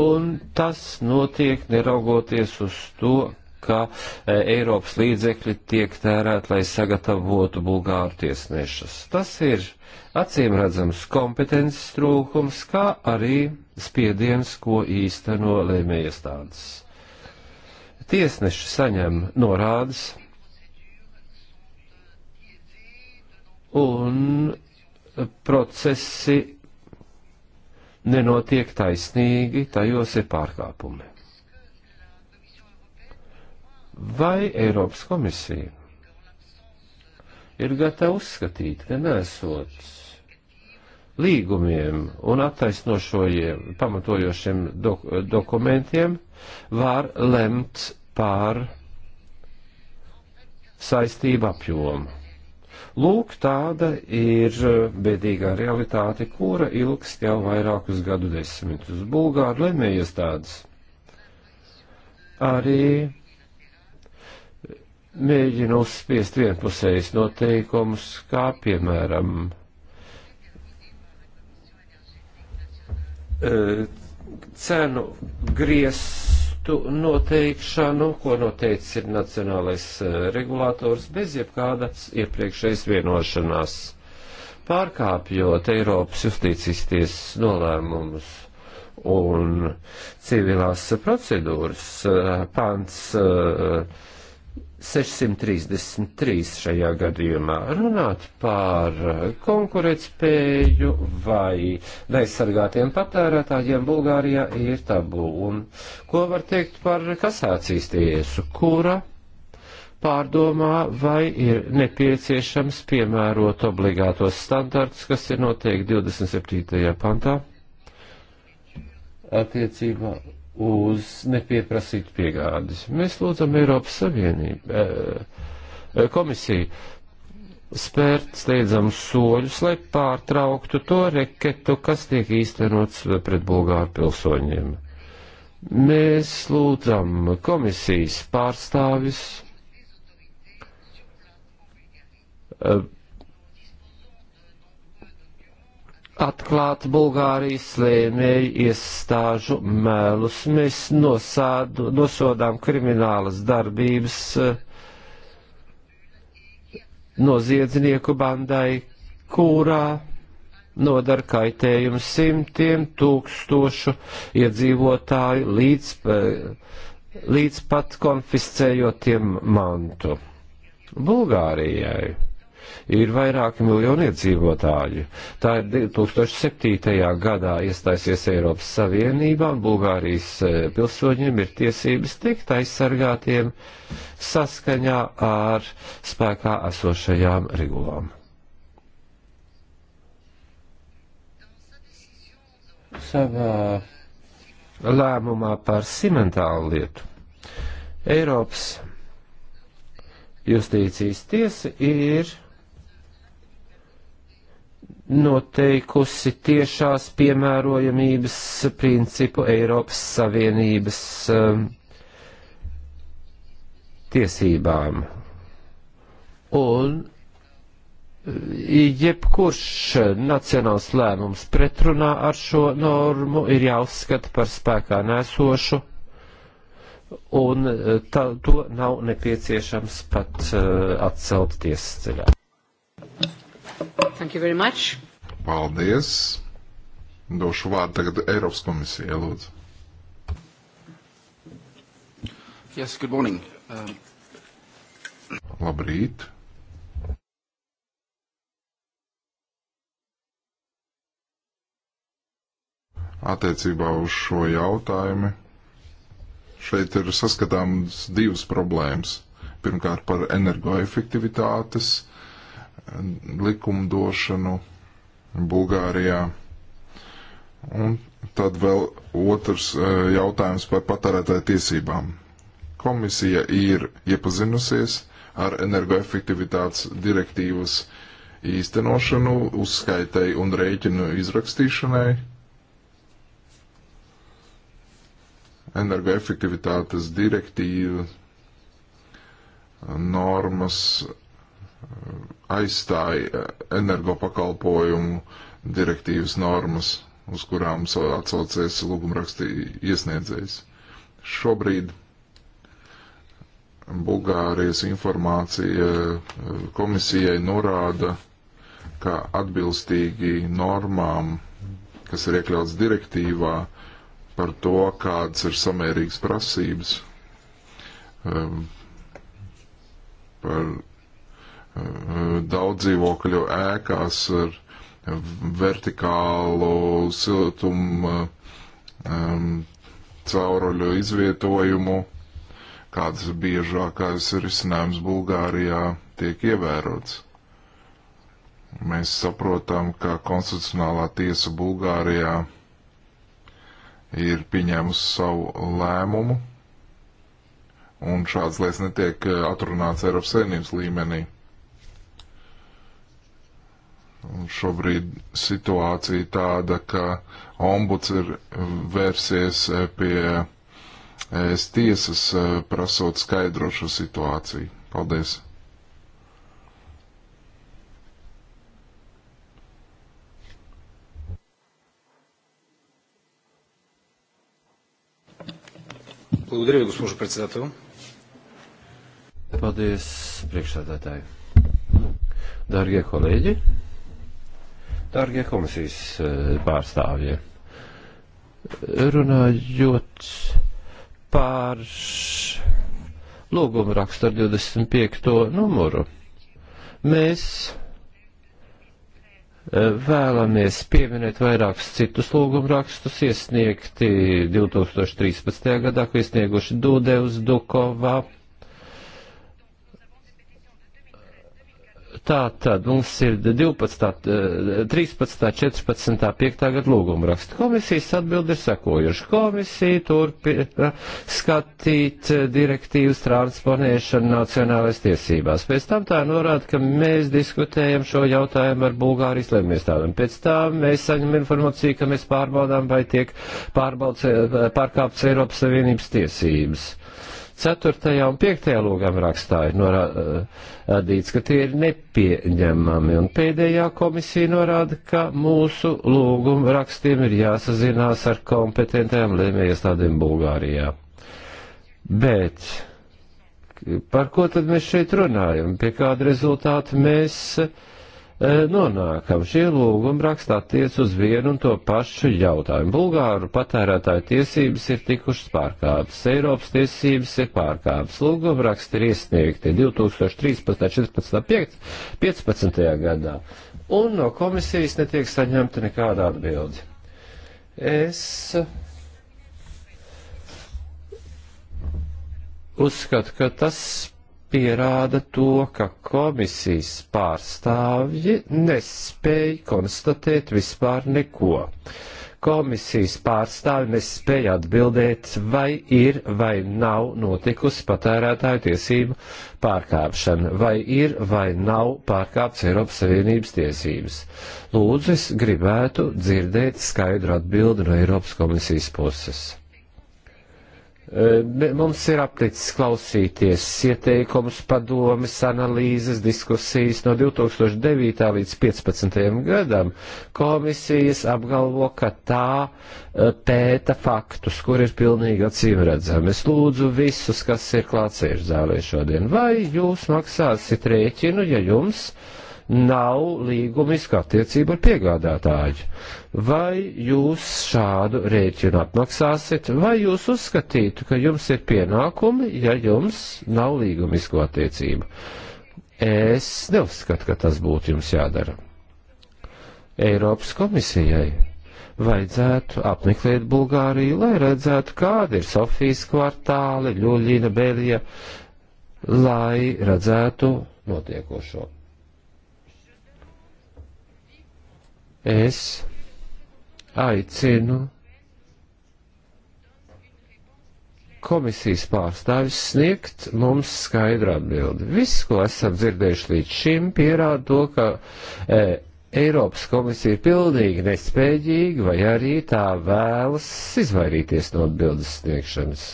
Speaker 3: Un tas notiek neraugoties uz to, ka e, Eiropas līdzekļi tiek tērēt, lai sagatavotu bulgāru tiesnešus. Tas ir acīmredzams kompetences trūkums, kā arī spiediens, ko īsteno lēmējiestādes. Tiesneši saņem norādes un procesi nenotiek taisnīgi, tajos ir pārkāpumi. Vai Eiropas komisija ir gatava uzskatīt, ka nesot līgumiem un attaisnošojiem, pamatojošiem dok dokumentiem, var lemt pār saistību apjomu? Lūk, tāda ir e, bēdīgā realitāte, kura ilgst jau vairākus gadu desmitus. Bulgāri lemējas tādas. Arī mēģina uzspiest vienpusējas noteikumus, kā piemēram e, cenu griezt budžetu noteikšanu, ko noteicis ir nacionālais eh, regulators bez jebkādas iepriekšējas vienošanās. Pārkāpjot Eiropas justīcijas tiesas nolēmumus un civilās procedūras, eh, pants uh, 633 šajā gadījumā runāt par konkurētspēju vai neaizsargātiem patērētājiem Bulgārijā ir tabū. Un ko var teikt par kasācijas tiesu, kura pārdomā, vai ir nepieciešams piemērot obligātos standartus, kas ir noteikti 27. pantā attiecībā uz nepieprasītu piegādes. Mēs lūdzam Eiropas Savienību, eh, eh, komisiju spērt steidzam soļus, lai pārtrauktu to reketu, kas tiek īstenots pret Bulgāru pilsoņiem. Mēs lūdzam komisijas pārstāvis eh, atklāt Bulgārijas lēmēju iestāžu mēlus. Mēs nosādu, nosodām kriminālas darbības eh, noziedznieku bandai, kurā nodara kaitējumu simtiem tūkstošu iedzīvotāju līdz, eh, līdz pat konfiscējotiem mantu. Bulgārijai ir vairāki miljoni iedzīvotāju. Tā ir 2007. gadā iestājusies Eiropas Savienībā, un Bulgārijas eh, pilsoņiem ir tiesības tikt aizsargātiem saskaņā ar spēkā esošajām regulām. Savā lēmumā par simentālu lietu. Eiropas justīcijas tiesa ir noteikusi tiešās piemērojamības principu Eiropas Savienības um, tiesībām. Un uh, jebkurš nacionāls lēmums pretrunā ar šo normu ir jāuzskata par spēkā nesošu, un uh, tā, to nav nepieciešams pat uh, atcelt tiesas ceļā.
Speaker 1: Thank you very much.
Speaker 2: Paldies. Došu vārdu tagad Eiropas komisijai, lūdzu. Yes, good morning. Um... Labrīt. Attiecībā uz šo jautājumu šeit ir saskatāms divas problēmas. Pirmkārt par energoefektivitātes uh, likumdošanu Bulgārijā. Un tad vēl otrs e, jautājums par patērētāju tiesībām. Komisija ir iepazinusies ar energoefektivitātes direktīvas īstenošanu, uzskaitai un rēķinu izrakstīšanai. Energoefektivitātes direktīva normas aizstāja eh, energopakalpojumu direktīvas normas, uz kurām atsaucies lūgumrakstī iesniedzējs. Šobrīd Bulgārijas informācija eh, komisijai norāda, ka atbilstīgi normām, kas ir iekļauts direktīvā par to, kādas ir samērīgas prasības um, par daudz dzīvokļu ēkās ar vertikālu siltumu um, cauruļu izvietojumu, kādas biežākās risinājums Bulgārijā tiek ievērots. Mēs saprotam, ka konstitucionālā tiesa Bulgārijā ir pieņēmusi savu lēmumu, un šāds lietas netiek eh, atrunāts Eiropas saimnības līmenī. Šobrīd situācija tāda, ka ombuds ir eh, vērsies eh, pie eh, es tiesas prasot skaidrošu situāciju. Paldies!
Speaker 3: Благодаря Ви, госпожо председател. Paldies, priekšsēdētāji. Dārgie kolēģi! Dārgie komisijas eh, pārstāvji, runājot par lūgumu rakstu ar 25. numuru, mēs eh, vēlamies pieminēt vairākus citus lūgumu rakstus iesniegti 2013. gadā, ko iesnieguši Dudevs, Dukovā Tā tad mums ir 12, 13, 14, 5 gadu lūguma raksta. Komisijas atbildi ir sekojuši. Komisija turpina skatīt eh, direktīvas transponēšanu nacionālais tiesībās. Pēc tam tā norāda, ka mēs diskutējam šo jautājumu ar Bulgārijas lemjestādēm. Pēc tam mēs saņem informāciju, ka mēs pārbaudām, vai tiek eh, pārkāpts Eiropas Savienības tiesības. Uh, 4. un 5. lūgam rakstā ir norādīts, eh, ka tie ir nepieņemami, un pēdējā komisija norāda, ka mūsu lūgumu rakstiem ir jāsazinās ar kompetentēm lēmējiestādēm Bulgārijā. Bet par ko tad mēs šeit runājam? Pie kāda rezultāta mēs uh, E, nonākam. Šie lūgumi rakstā tiec uz vienu un to pašu jautājumu. Bulgāru patērētāju tiesības ir tikušas pārkāptas, Eiropas tiesības ir pārkāptas. Lūgumi raksti ir iesniegti 2013, 14, 15. gadā, un no komisijas netiek saņemta nekāda atbildi. Es uzskatu, ka tas pierāda to, ka komisijas pārstāvji nespēja konstatēt vispār neko. Komisijas pārstāvi nespēja atbildēt, vai ir vai nav notikusi patērētāju tiesību pārkāpšana, vai ir vai nav pārkāpts Eiropas Savienības tiesības. Lūdzu, es gribētu dzirdēt skaidru atbildi no Eiropas komisijas puses. Mums ir apnicis klausīties ieteikumus, padomis, analīzes, diskusijas no 2009. līdz 2015. gadam. Komisijas apgalvo, ka tā pēta e, faktus, kur ir pilnīgi acīm redzami. Es lūdzu visus, kas ir klātsēžu zālē šodien, vai jūs maksāsit rēķinu, ja jums. Uh, nav līgumiska attiecība ar piegādātāju. Vai jūs šādu rēķinu apmaksāsiet, vai jūs uzskatītu, ka jums ir pienākumi, ja jums nav līgumisko attiecību? Es neuzskatu, ka tas būtu jums jādara. Eiropas komisijai vajadzētu apmeklēt Bulgāriju, lai redzētu, kāda ir Sofijas kvartāli, Ļuļina, Belija, lai redzētu notiekošo. Es aicinu komisijas pārstāvis sniegt mums skaidru atbildi. Viss, ko esam dzirdējuši līdz šim, pierāda to, ka e, Eiropas komisija ir pilnīgi nespējīga vai arī tā vēlas izvairīties no atbildes sniegšanas.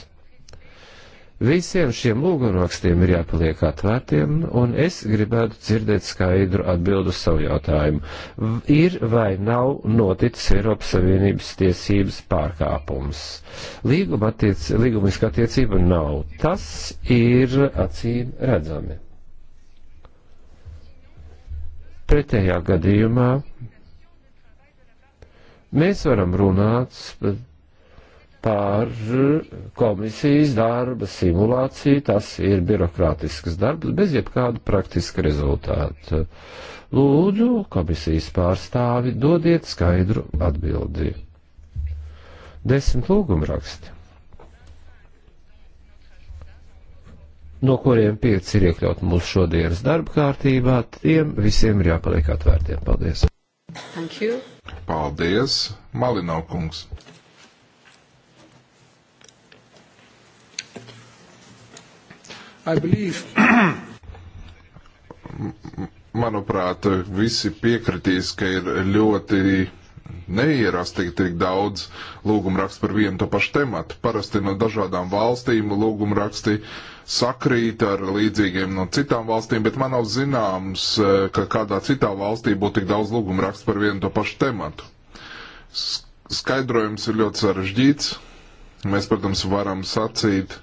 Speaker 3: Visiem šiem lūgumrakstiem ir jāpaliek atvērtiem, un es gribētu dzirdēt skaidru atbildu savu jautājumu. Ir vai nav noticis Eiropas Savienības tiesības pārkāpums? Līguma attiec, līgumiska attiecība nav. Tas ir acīm redzami. Pretējā gadījumā mēs varam runāt par komisijas darba simulāciju. Tas ir birokrātisks darbs bez jebkāda praktiska rezultāta. Lūdzu, komisijas pārstāvi, dodiet skaidru atbildi. Desmit lūgumraksti, no kuriem pieci ir iekļauti mūsu šodienas darba kārtībā, tiem visiem ir
Speaker 2: jāpaliek atvērtiem. Paldies! Paldies, Malinov kungs! I believe. [clears throat] Manuprāt, visi piekritīs, ka ir ļoti neierastīgi tik daudz lūgumrakstu par vienu to pašu tematu. Parasti no dažādām valstīm lūgumraksti sakrīt ar līdzīgiem no citām valstīm, bet man nav zināms, eh, ka kādā citā valstī būtu tik daudz lūgumrakstu par vienu to pašu tematu. Skaidrojums ir ļoti sarežģīts. Mēs, protams, varam sacīt,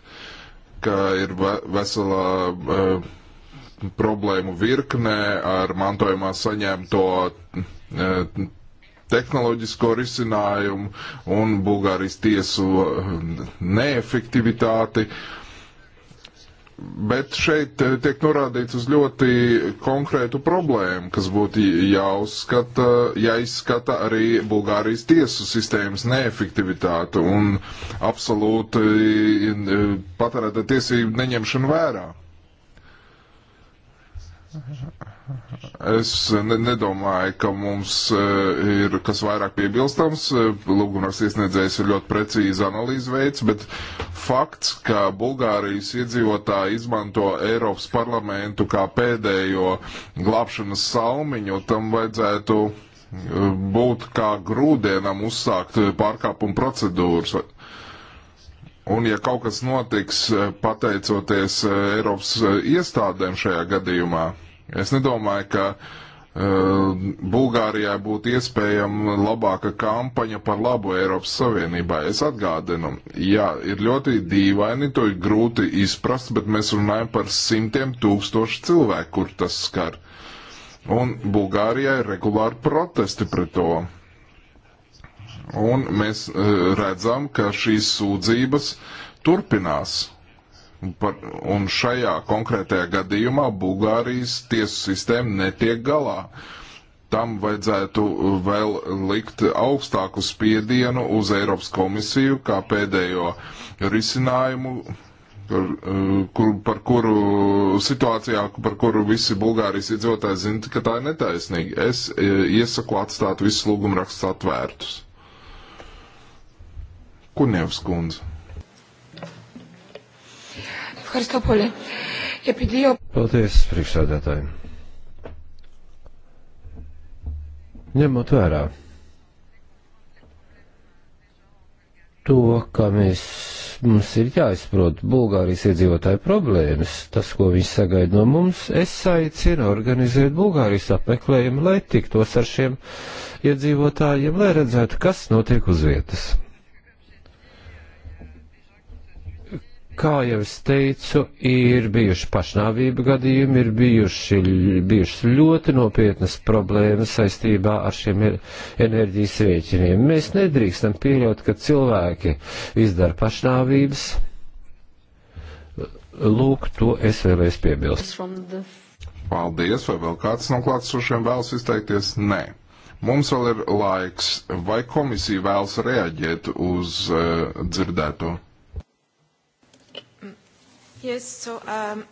Speaker 2: ka ir veselā uh, eh, problēmu virknē ar mantojumā saņemto uh, tehnoloģisko risinājumu un Bulgārijas tiesu eh, neefektivitāti. Uh, Bet šeit eh, tiek norādīts uz ļoti konkrētu problēmu, kas būtu jāuzskata, jāizskata arī Bulgārijas tiesu sistēmas neefektivitāte un absolūti eh, patērēta tiesību neņemšana vērā. Es ne, nedomāju, ka mums eh, ir kas vairāk piebilstams. Eh, Lūgumraks iesniedzējs ir ļoti precīzi analīzi veids, bet fakts, ka Bulgārijas iedzīvotāji izmanto Eiropas parlamentu kā pēdējo glābšanas salmiņu, tam vajadzētu eh, būt kā grūdienam uzsākt pārkāpumu procedūras. Un ja kaut kas notiks pateicoties Eiropas iestādēm šajā gadījumā, Es nedomāju, ka uh, Bulgārijai būtu iespējama labāka kampaņa par labu Eiropas Savienībai. Es atgādinu, jā, ir ļoti dīvaini, to ir grūti izprast, bet mēs runājam par simtiem tūkstošu cilvēku, kur tas skar. Un Bulgārijai ir regulāri protesti pret to. Un mēs uh, redzam, ka šīs sūdzības turpinās Par, un šajā konkrētajā gadījumā Bulgārijas tiesu sistēma netiek galā. Tam vajadzētu vēl likt augstāku spiedienu uz Eiropas komisiju kā pēdējo risinājumu, kur, eh, kur, par kuru situācijā, par kuru visi Bulgārijas iedzīvotāji zina, ka tā ir netaisnīga. Es eh, iesaku atstāt visus lūgumrakstus atvērtus. Kunievs kundze. Ευχαριστώ
Speaker 1: πολύ. Επειδή ο...
Speaker 2: Paldies, priekšsēdētāji.
Speaker 3: Ņemot vērā to, ka mēs, mums ir jāizprot Bulgārijas iedzīvotāju problēmas, tas, ko viņi sagaida no mums, es aicinu organizēt Bulgārijas apmeklējumu, lai tiktos ar šiem iedzīvotājiem, lai redzētu, kas notiek uz vietas. kā jau es teicu, ir bijuši pašnāvību gadījumi, ir bijuši, bijušas ļoti nopietnas problēmas saistībā ar šiem e- enerģijas rēķiniem. Mēs nedrīkstam pieļaut, ka cilvēki izdara pašnāvības. Lūk, to es vēlēs piebilst.
Speaker 2: Paldies, vai vēl kāds no klātsošiem vēlas izteikties? Nē. Mums vēl ir laiks, vai komisija vēlas reaģēt uz uh, dzirdēto? Yes, so, um...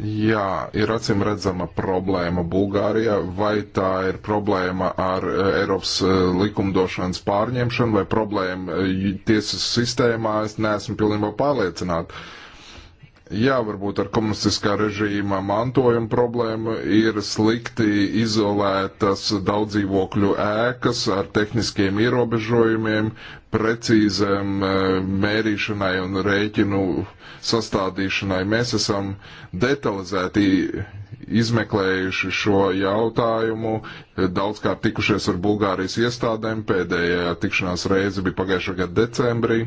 Speaker 2: Jā, ir acīm redzama problēma Bulgārijā. Vai tā ir problēma ar uh, Eiropas uh, likumdošanas pārņemšanu vai problēma uh, tiesas sistēmā, es neesmu pilnībā pārliecināta. Jā, varbūt ar komunistiskā režīma mantojuma problēmu ir slikti izolētas daudzdzīvokļu ēkas ar tehniskiem ierobežojumiem, precīzēm e, mērīšanai un rēķinu sastādīšanai. Mēs esam detalizēti izmeklējuši šo jautājumu, daudzkārt tikušies ar Bulgārijas iestādēm, pēdējā tikšanās reize bija pagājušā gada decembrī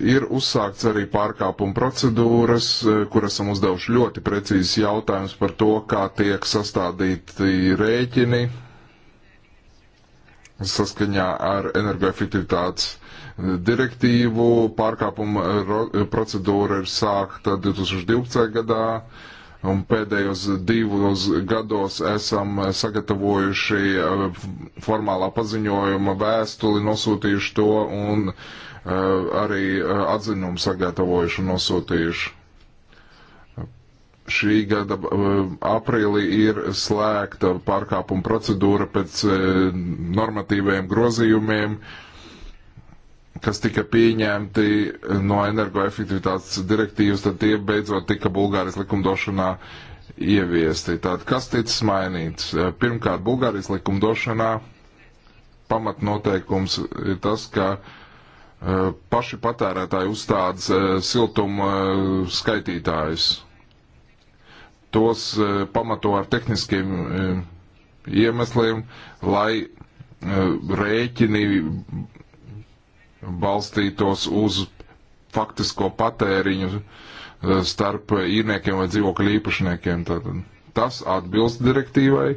Speaker 2: Ir uzsākts arī pārkāpuma procedūras, e, kur esam uzdevuši ļoti precīzes jautājumus par to, kā tiek sastādīti rēķini saskaņā ar energoefektivitātes direktīvu. Pārkāpuma procedūra ir sākta 2012. gadā. Un pēdējos divos gados esam sagatavojuši e, formālā paziņojuma vēstuli, nosūtījuši to un Eh, arī eh, atzinumu sagatavojuši un nosūtījuši. Šī gada eh, aprīlī ir slēgta pārkāpuma procedūra pēc normatīviem grozījumiem, kas tika pieņemti no energoefektivitātes direktīvas, tad tie beidzot tika Bulgārijas likumdošanā ieviesti. Tātad, kas ticis mainīts? Pirmkārt, Bulgārijas likumdošanā pamatnoteikums ir tas, ka uh, Eh, paši patērētāji uzstādas eh, siltuma eh, skaitītājus. Tos pamato ar tehniskiem iemesliem, lai rēķini balstītos uz faktisko patēriņu starp īrniekiem vai dzīvokļu īpašniekiem. Tātad tas atbilst direktīvai,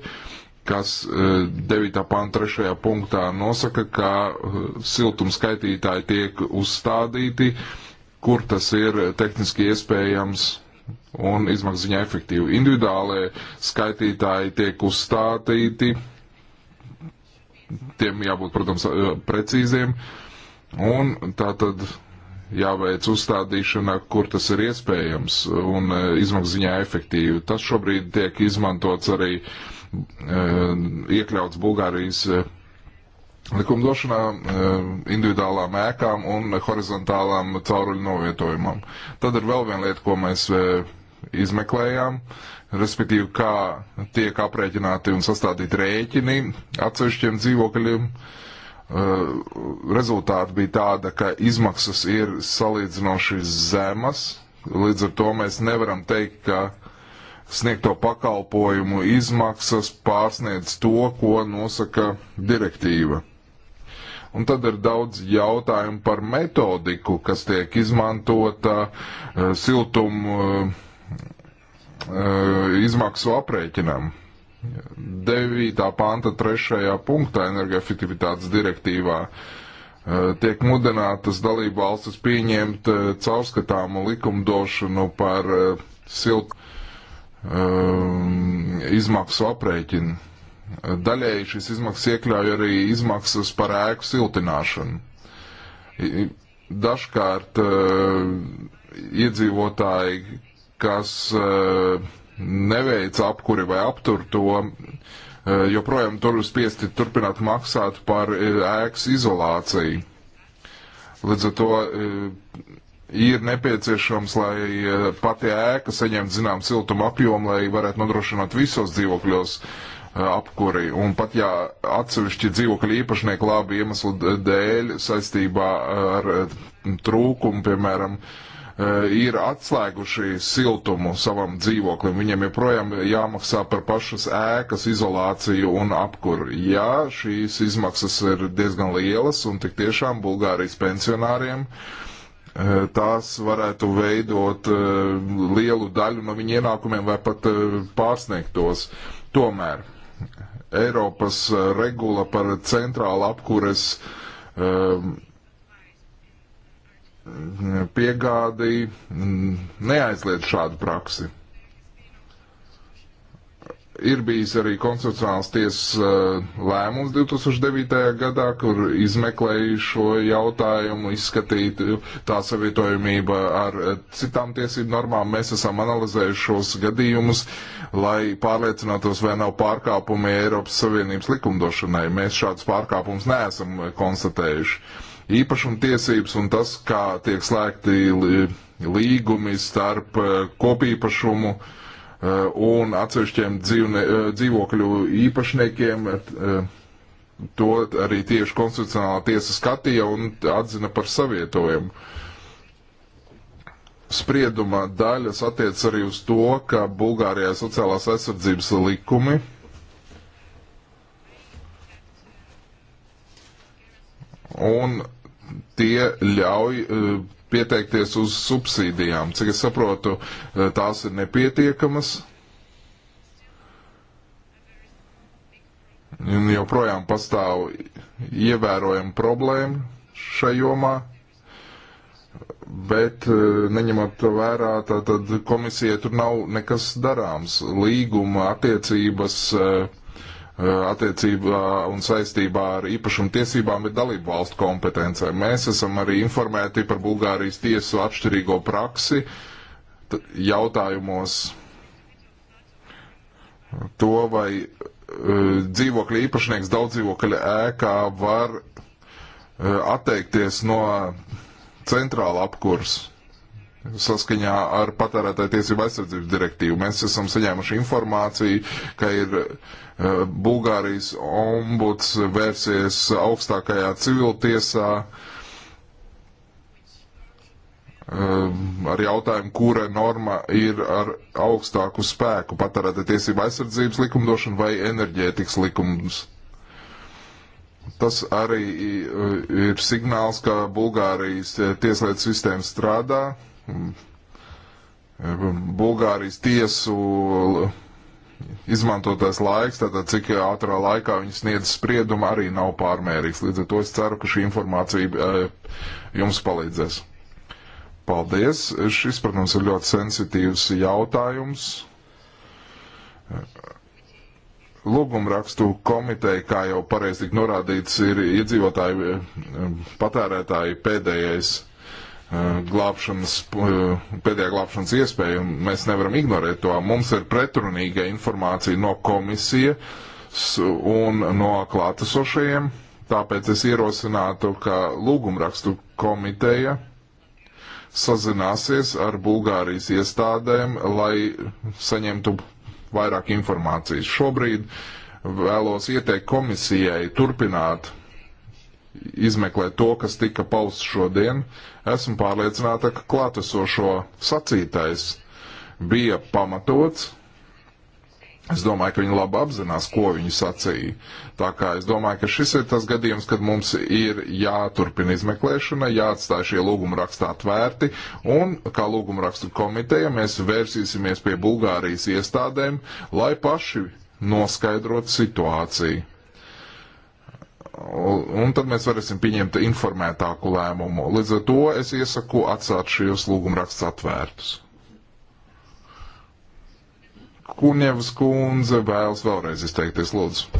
Speaker 2: kas 9. E, pānta 3. punktā nosaka, ka e, siltumskaitītāji tiek uzstādīti, kur tas ir tehniski iespējams un izmaksziņā efektīvi. Individuālie skaitītāji tiek uzstādīti, tiem jābūt, protams, e, precīziem, un tā tad jāveic uzstādīšana, kur tas ir iespējams un izmaksziņā efektīvi. Tas šobrīd tiek izmantots arī uh, Eh, iekļauts Bulgārijas eh, likumdošanā eh, individuālām ēkām un horizontālām cauruļu novietojumam. Tad ir vēl viena lieta, ko mēs izmeklējām, respektīvi, kā tiek aprēķināti un sastādīti rēķini atsevišķiem dzīvokļiem. Rezultāti bija tāda, ka izmaksas ir salīdzinoši zemas, līdz ar to mēs nevaram teikt, ka sniegto pakalpojumu izmaksas pārsniedz to, ko nosaka direktīva. Un tad ir daudz jautājumu par metodiku, kas tiek izmantota e, siltumu e, e, izmaksu aprēķinam. 9. panta 3. punktā energoefektivitātes direktīvā tiek mudinātas dalību valstis pieņemt caurskatāmu likumdošanu par siltu um, izmaksu aprēķinu. Daļēji šis izmaksas iekļauj arī izmaksas par ēku siltināšanu. Dažkārt uh, iedzīvotāji, kas uh, neveic apkuri vai aptur to, uh, joprojām tur spiesti turpināt maksāt par ēkas izolāciju. Līdz ar to ir nepieciešams, lai eh, pati ēka saņemtu zinām siltumu apjomu, lai varētu nodrošināt visos dzīvokļos eh, apkuri. Un pat ja atsevišķi dzīvokļu īpašnieki labi iemeslu dēļ saistībā eh, ar trūkumu, piemēram, ir atslēguši siltumu savam dzīvoklim, viņiem joprojām jāmaksā par pašas ēkas izolāciju un apkuri. Jā, šīs izmaksas ir diezgan lielas un tik tiešām Bulgārijas pensionāriem uh, Eh, tās varētu veidot eh, lielu daļu no viņa ienākumiem vai pat eh, pārsniegtos. Tomēr Eiropas regula par centrālu apkures piegādi mm, neaizliedz šādu praksi. Ir bijis arī konstitucionāls tiesas eh, lēmums 2009. gadā, kur izmeklēja šo jautājumu, izskatīja tā savietojumība ar eh, citām tiesību normām. Mēs esam analizējuši šos gadījumus, lai pārliecinātos, vai nav pārkāpumi Eiropas Savienības likumdošanai. Mēs šādus pārkāpumus neesam eh, konstatējuši. Īpašumtiesības un tas, kā tiek slēgti līgumi starp kopīpašumu. Uh, Eh, un atsevišķiem dzīvne, eh, dzīvokļu īpašniekiem. Eh, to arī tieši konstitucionālā tiesa skatīja un atzina par savietojumu. Sprieduma daļas attiec arī uz to, ka Bulgārijā sociālās aizsardzības likumi un tie ļauj pieteikties uz subsīdijām. Cik es saprotu, eh, tās ir nepietiekamas. Un joprojām pastāv ievērojama problēma šai jomā, bet eh, neņemot vērā, tad komisija tur nav nekas darāms. Līguma attiecības uh, Eh, attiecībā un saistībā ar īpašumu tiesībām ir dalību valstu kompetencē. Mēs esam arī informēti par Bulgārijas tiesu atšķirīgo praksi jautājumos to, vai eh, dzīvokļa īpašnieks daudz dzīvokļa ēkā var eh, atteikties no centrāla apkursa saskaņā ar patērētāju tiesību aizsardzības direktīvu. Mēs esam saņēmuši informāciju, ka ir Bulgārijas ombuds vērsies augstākajā civiltiesā um, ar jautājumu, kura norma ir ar augstāku spēku - patērēta tiesība aizsardzības likumdošana vai enerģētikas likums. Tas arī uh, ir signāls, ka Bulgārijas uh, tieslietu sistēma strādā. Mm. Um, Bulgārijas tiesu izmantotais laiks, tātad cik ātrā laikā viņi sniedz spriedumu, arī nav pārmērīgs. Līdz ar to es ceru, ka šī informācija eh, jums palīdzēs. Paldies! Šis, protams, ir ļoti sensitīvs jautājums. Lūgumrakstu komiteja, kā jau pareizi tik norādīts, ir iedzīvotāji eh, patērētāji pēdējais Eh, glābšanas, eh, pēdējā glābšanas iespēja, un mēs nevaram ignorēt to. Mums ir pretrunīga informācija no komisijas un no klātesošajiem, tāpēc es ierosinātu, ka lūgumrakstu komiteja sazināsies ar Bulgārijas iestādēm, lai saņemtu vairāk informācijas. Šobrīd vēlos ieteikt komisijai turpināt izmeklēt to, kas tika pausts šodien, esmu pārliecināta, ka klātesošo sacītais bija pamatots. Es domāju, ka viņi labi apzinās, ko viņi sacīja. Tā kā es domāju, ka šis ir tas gadījums, kad mums ir jāturpina izmeklēšana, jāatstāj šie lūguma rakstā atvērti, un kā lūguma rakstu komiteja mēs vērsīsimies pie Bulgārijas iestādēm, lai paši noskaidrotu situāciju un tad mēs varēsim pieņemt informētāku lēmumu. Līdz ar to es iesaku atstāt šīs lūgumrakstus atvērtus. Kuņevas kundze vēlas vēlreiz izteikties, lūdzu.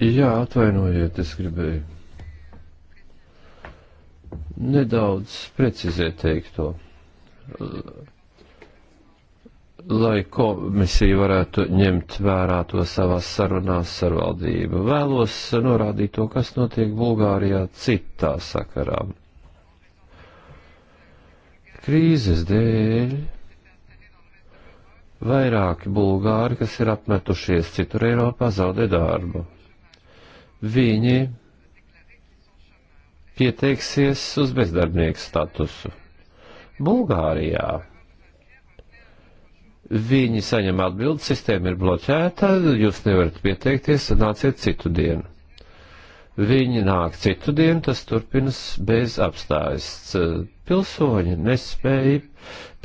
Speaker 2: Jā, atvainojiet, es gribēju
Speaker 3: nedaudz precizēt teikto lai komisija varētu ņemt vērā to savās sarunās ar valdību. Vēlos norādīt to, kas notiek Bulgārijā citā sakarā. Krīzes dēļ vairāki bulgāri, kas ir apmetušies citur Eiropā, zaudē darbu. Viņi pieteiksies uz bezdarbnieku statusu. Bulgārijā Viņi saņem atbildi, sistēma ir bloķēta, jūs nevarat pieteikties, nāciet citu dienu. Viņi nāk citu dienu, tas turpinas bez apstājas. Pilsoņi nespēja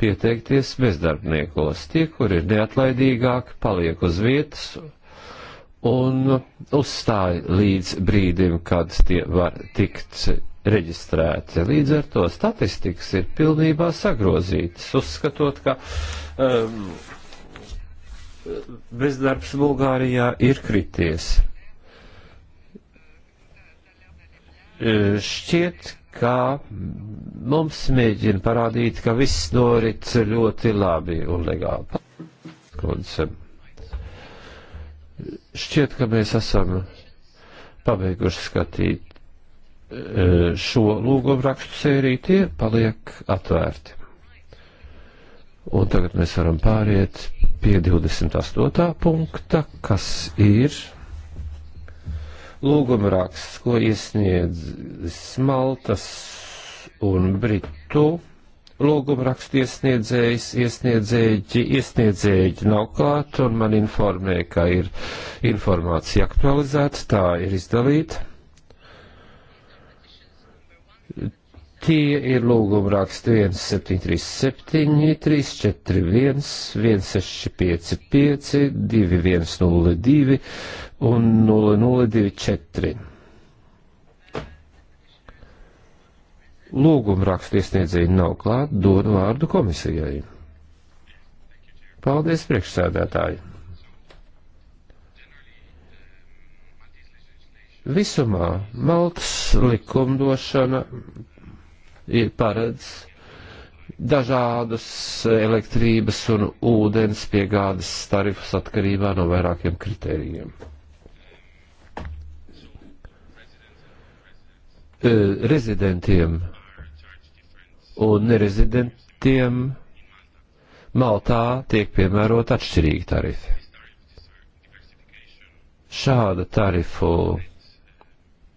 Speaker 3: pieteikties bezdarbniekos. Tie, kur ir neatlaidīgāk, paliek uz vietas un uzstāja līdz brīdim, kad tie var tikt reģistrēti. Līdz ar to statistikas ir pilnībā sagrozītas, uzskatot, ka um, bezdarbs Bulgārijā ir krities. E, šķiet, ka mums mēģina parādīt, ka viss norit ļoti labi un legāli. Kundze. Šķiet, ka mēs esam pabeiguši skatīt šo lūgumu rakstu sēriju, tie paliek atvērti. Un tagad mēs varam pāriet pie 28. punkta, kas ir lūguma raksts, ko iesniedz Maltas un Britu lūguma rakstu iesniedzējs, iesniedzēji, iesniedzēji nav klāt un man informē, ka ir informācija aktualizēta, tā ir izdalīta. Tie ir lūguma raksti 1737, 341, 1655, 2102 un 0024. Lūguma rakstu iesniedzēji nav klāt, dodu vārdu komisijai. Paldies, priekšsēdētāji! Visumā Maltas likumdošana paredz dažādus elektrības un ūdens piegādes tarifus atkarībā no vairākiem kritērijiem. E, rezidentiem un nerezidentiem Maltā tiek piemērota atšķirīga tarifa. Šāda tarifu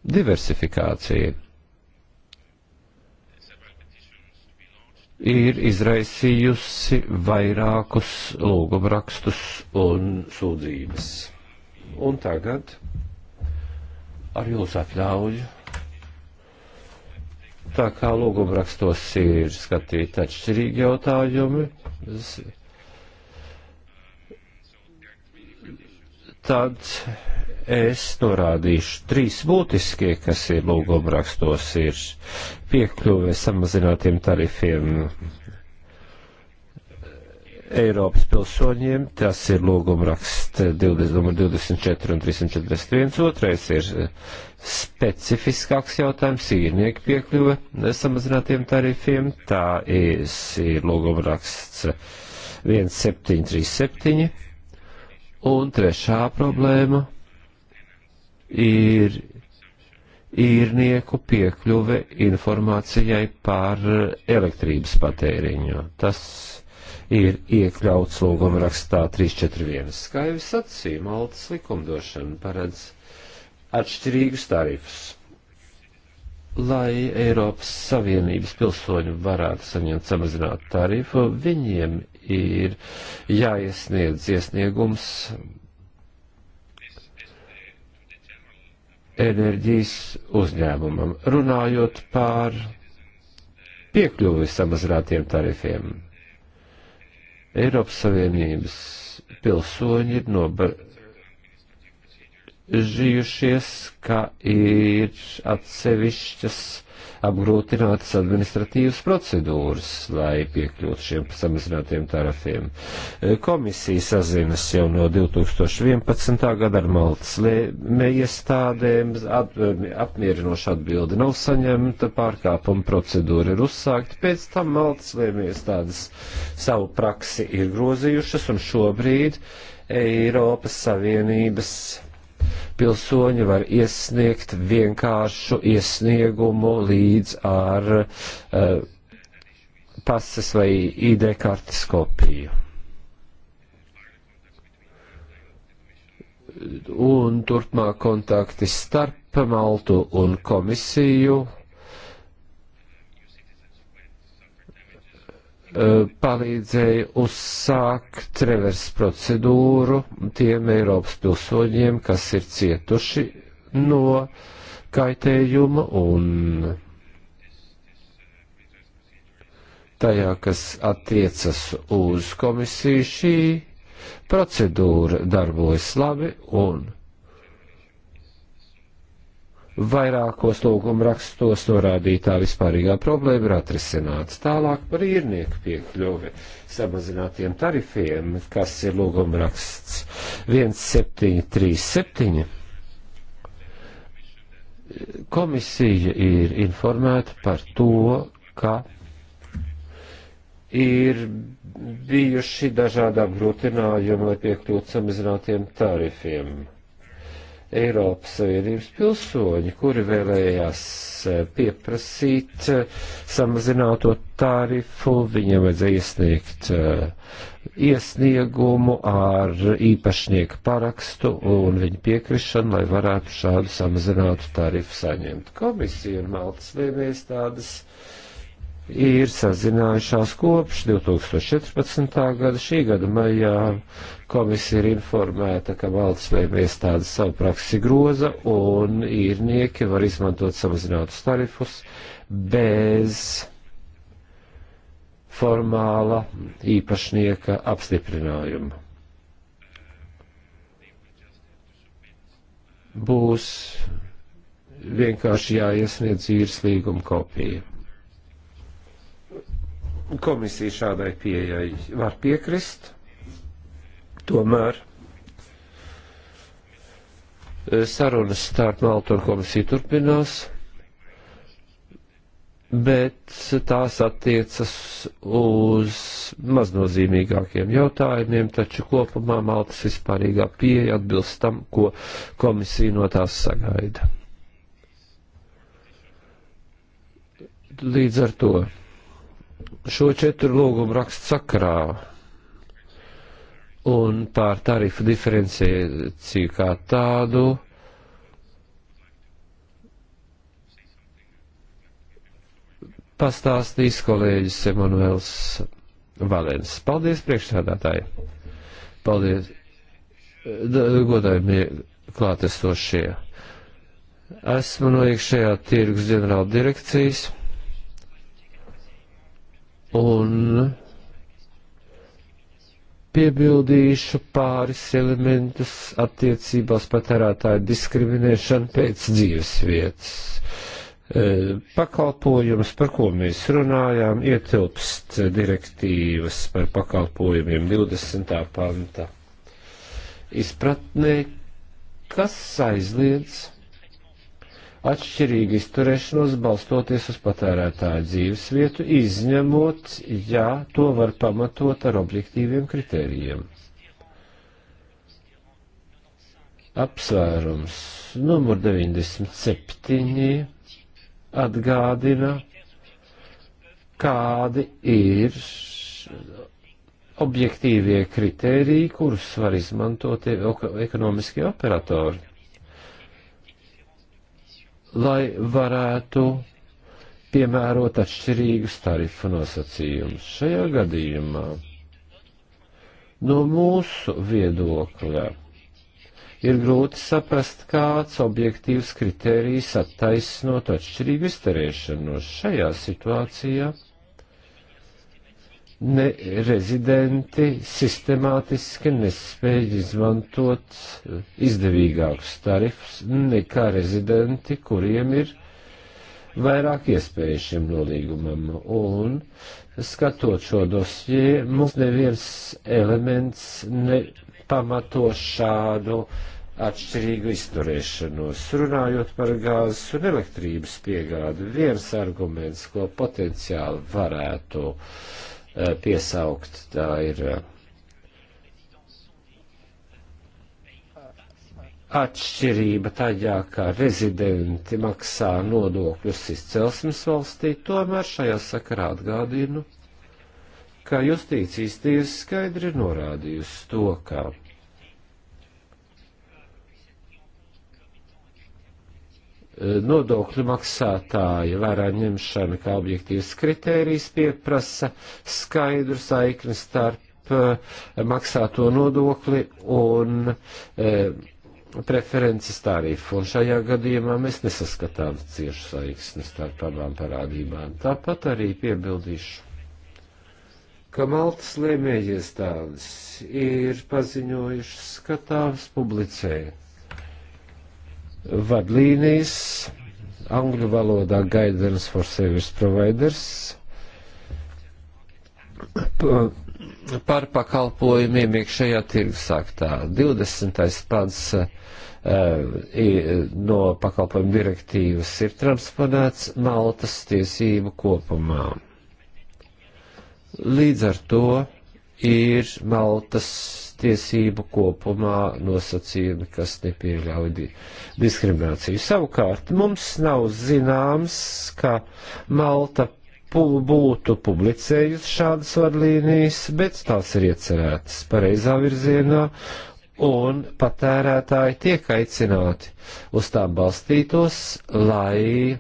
Speaker 3: diversifikācija ir izraisījusi vairākus lūgumrakstus un sūdzības. Un tagad ar jūsu atļauju. Tā kā lūgumrakstos ir skatīti atšķirīgi jautājumi, tad es norādīšu trīs būtiskie, kas ir lūgumrakstos, ir piekļuve samazinātiem tarifiem Eiropas pilsoņiem, tas ir lūgumraksts 20, 24 un 341, otrais ir specifiskāks jautājums, īrnieku piekļuve samazinātiem tarifiem, tā ir, ir lūgumraksts 1737 Un trešā problēma ir īrnieku piekļuve informācijai par elektrības patēriņu. Tas ir iekļauts lūguma rakstā 341. Kā jau es sacīju, maltas likumdošana paredz atšķirīgus tarifus. Lai Eiropas Savienības pilsoņi varētu saņemt samazinātu tarifu, viņiem ir jāiesniedz iesniegums enerģijas uzņēmumam, runājot par piekļuvi samazinātiem tarifiem. Eiropas Savienības pilsoņi ir nobar nobežījušies, ka ir atsevišķas apgrūtinātas administratīvas procedūras, lai piekļūtu šiem samazinātiem tarifiem. Komisija sazinas jau no 2011. gada ar Maltas iestādēm, at, apmierinoša atbildi nav saņemta, pārkāpuma procedūra ir uzsākta, pēc tam Maltas iestādes savu praksi ir grozījušas un šobrīd Eiropas Savienības pilsoņi var iesniegt vienkāršu iesniegumu līdz ar uh, eh, pases vai ID kartes kopiju. Un turpmāk kontakti starp Maltu un komisiju Eh, palīdzēja uzsākt reverse procedūru tiem Eiropas pilsoņiem, kas ir cietuši no kaitējuma un tajā, kas attiecas uz komisiju, šī procedūra darbojas labi un vairākos lūguma rakstos norādītā vispārīgā problēma ir atrisināta. Tālāk par īrnieku piekļuvi samazinātiem tarifiem, kas ir lūguma raksts 1737. Komisija ir informēta par to, ka ir bijuši dažādi apgrūtinājumi, lai piekļūtu samazinātiem tarifiem Eiropas Savienības pilsoņi, kuri vēlējās eh, pieprasīt eh, samazināto tarifu, viņiem vajadzēja iesniegt eh, iesniegumu ar īpašnieku parakstu un viņu piekrišanu, lai varētu šādu samazinātu tarifu saņemt. Komisija un Maltas vēlējas tādas uh, ir sazinājušās kopš 2014. gada. Šī gada maijā komisija ir informēta, ka valsts lēma iestādes savu praksi groza un īrnieki var izmantot samazinātus tarifus bez formāla īpašnieka apstiprinājuma. Būs vienkārši jāiesniedz īres līguma kopija. Komisija šādai pieejai var piekrist, tomēr eh, sarunas starp Maltu un komisiju turpinās, bet tās attiecas uz maznozīmīgākiem jautājumiem, taču kopumā Maltas vispārīgā pieeja atbilst tam, ko komisija no tās sagaida. Līdz ar to šo četru lūgumu rakstu sakarā un pār tarifu diferenciāciju kā tādu. Pastāstīs kolēģis Emanuels Valens. Paldies, priekšsēdētāji! Paldies, godājumie klātesošie! Esmu no iekšējā tirgus ģenerāla direkcijas un piebildīšu pāris elementus attiecībās patērētāju diskriminēšanu pēc dzīves vietas. E, pakalpojums, par ko mēs runājām, ietilpst direktīvas par pakalpojumiem 20. panta izpratnē, kas aizliedz atšķirīgu izturēšanos balstoties uz patērētāju dzīves vietu, izņemot, ja to var pamatot ar objektīviem kritērijiem. Apsvērums numur 97 atgādina, kādi ir objektīvie kritēriji, kurus var izmantot e- ekonomiskie operatori lai varētu piemērot atšķirīgus tarifu nosacījumus. Šajā gadījumā no mūsu viedokļa ir grūti saprast, kāds objektīvs kritērijs attaisnot atšķirīgu izterēšanos šajā situācijā nerezidenti sistemātiski nespēja izmantot izdevīgākus tarifus nekā rezidenti, kuriem ir vairāk iespēju šim nolīgumam. Un skatot šo dosjē, mums neviens elements nepamato šādu atšķirīgu izturēšanos. Runājot par gāzes un elektrības piegādi, viens arguments, ko potenciāli varētu uh, Eh, piesaukt. Tā ir eh, atšķirība tajā, ka rezidenti maksā nodokļus izcelsmes valstī, tomēr šajā sakarā atgādinu, ka justīcijas tiesa skaidri norādījusi to, ka nodokļu maksātāja vērā ņemšana kā objektīvs kritērijs pieprasa skaidru saikni starp eh, maksāto nodokli un e, preferences tarifu, un šajā gadījumā mēs nesaskatām ciešu saiksni starp abām parādībām. Tāpat arī piebildīšu, ka Maltas lēmējiestādes ir paziņojušas, ka tās publicē vadlīnijas, angļu valodā guidance for service providers, par pakalpojumiem iekšējā tirgus aktā. 20. pants uh, no pakalpojumu direktīvas ir transponēts Maltas tiesību kopumā. Līdz ar to ir Maltas tiesību kopumā nosacījumi, kas nepieļauj di diskrimināciju. Savukārt mums nav zināms, ka Malta pu būtu publicējusi šādas vadlīnijas, bet tās ir iecerētas pareizā virzienā, un patērētāji tiek aicināti uz tām balstītos, lai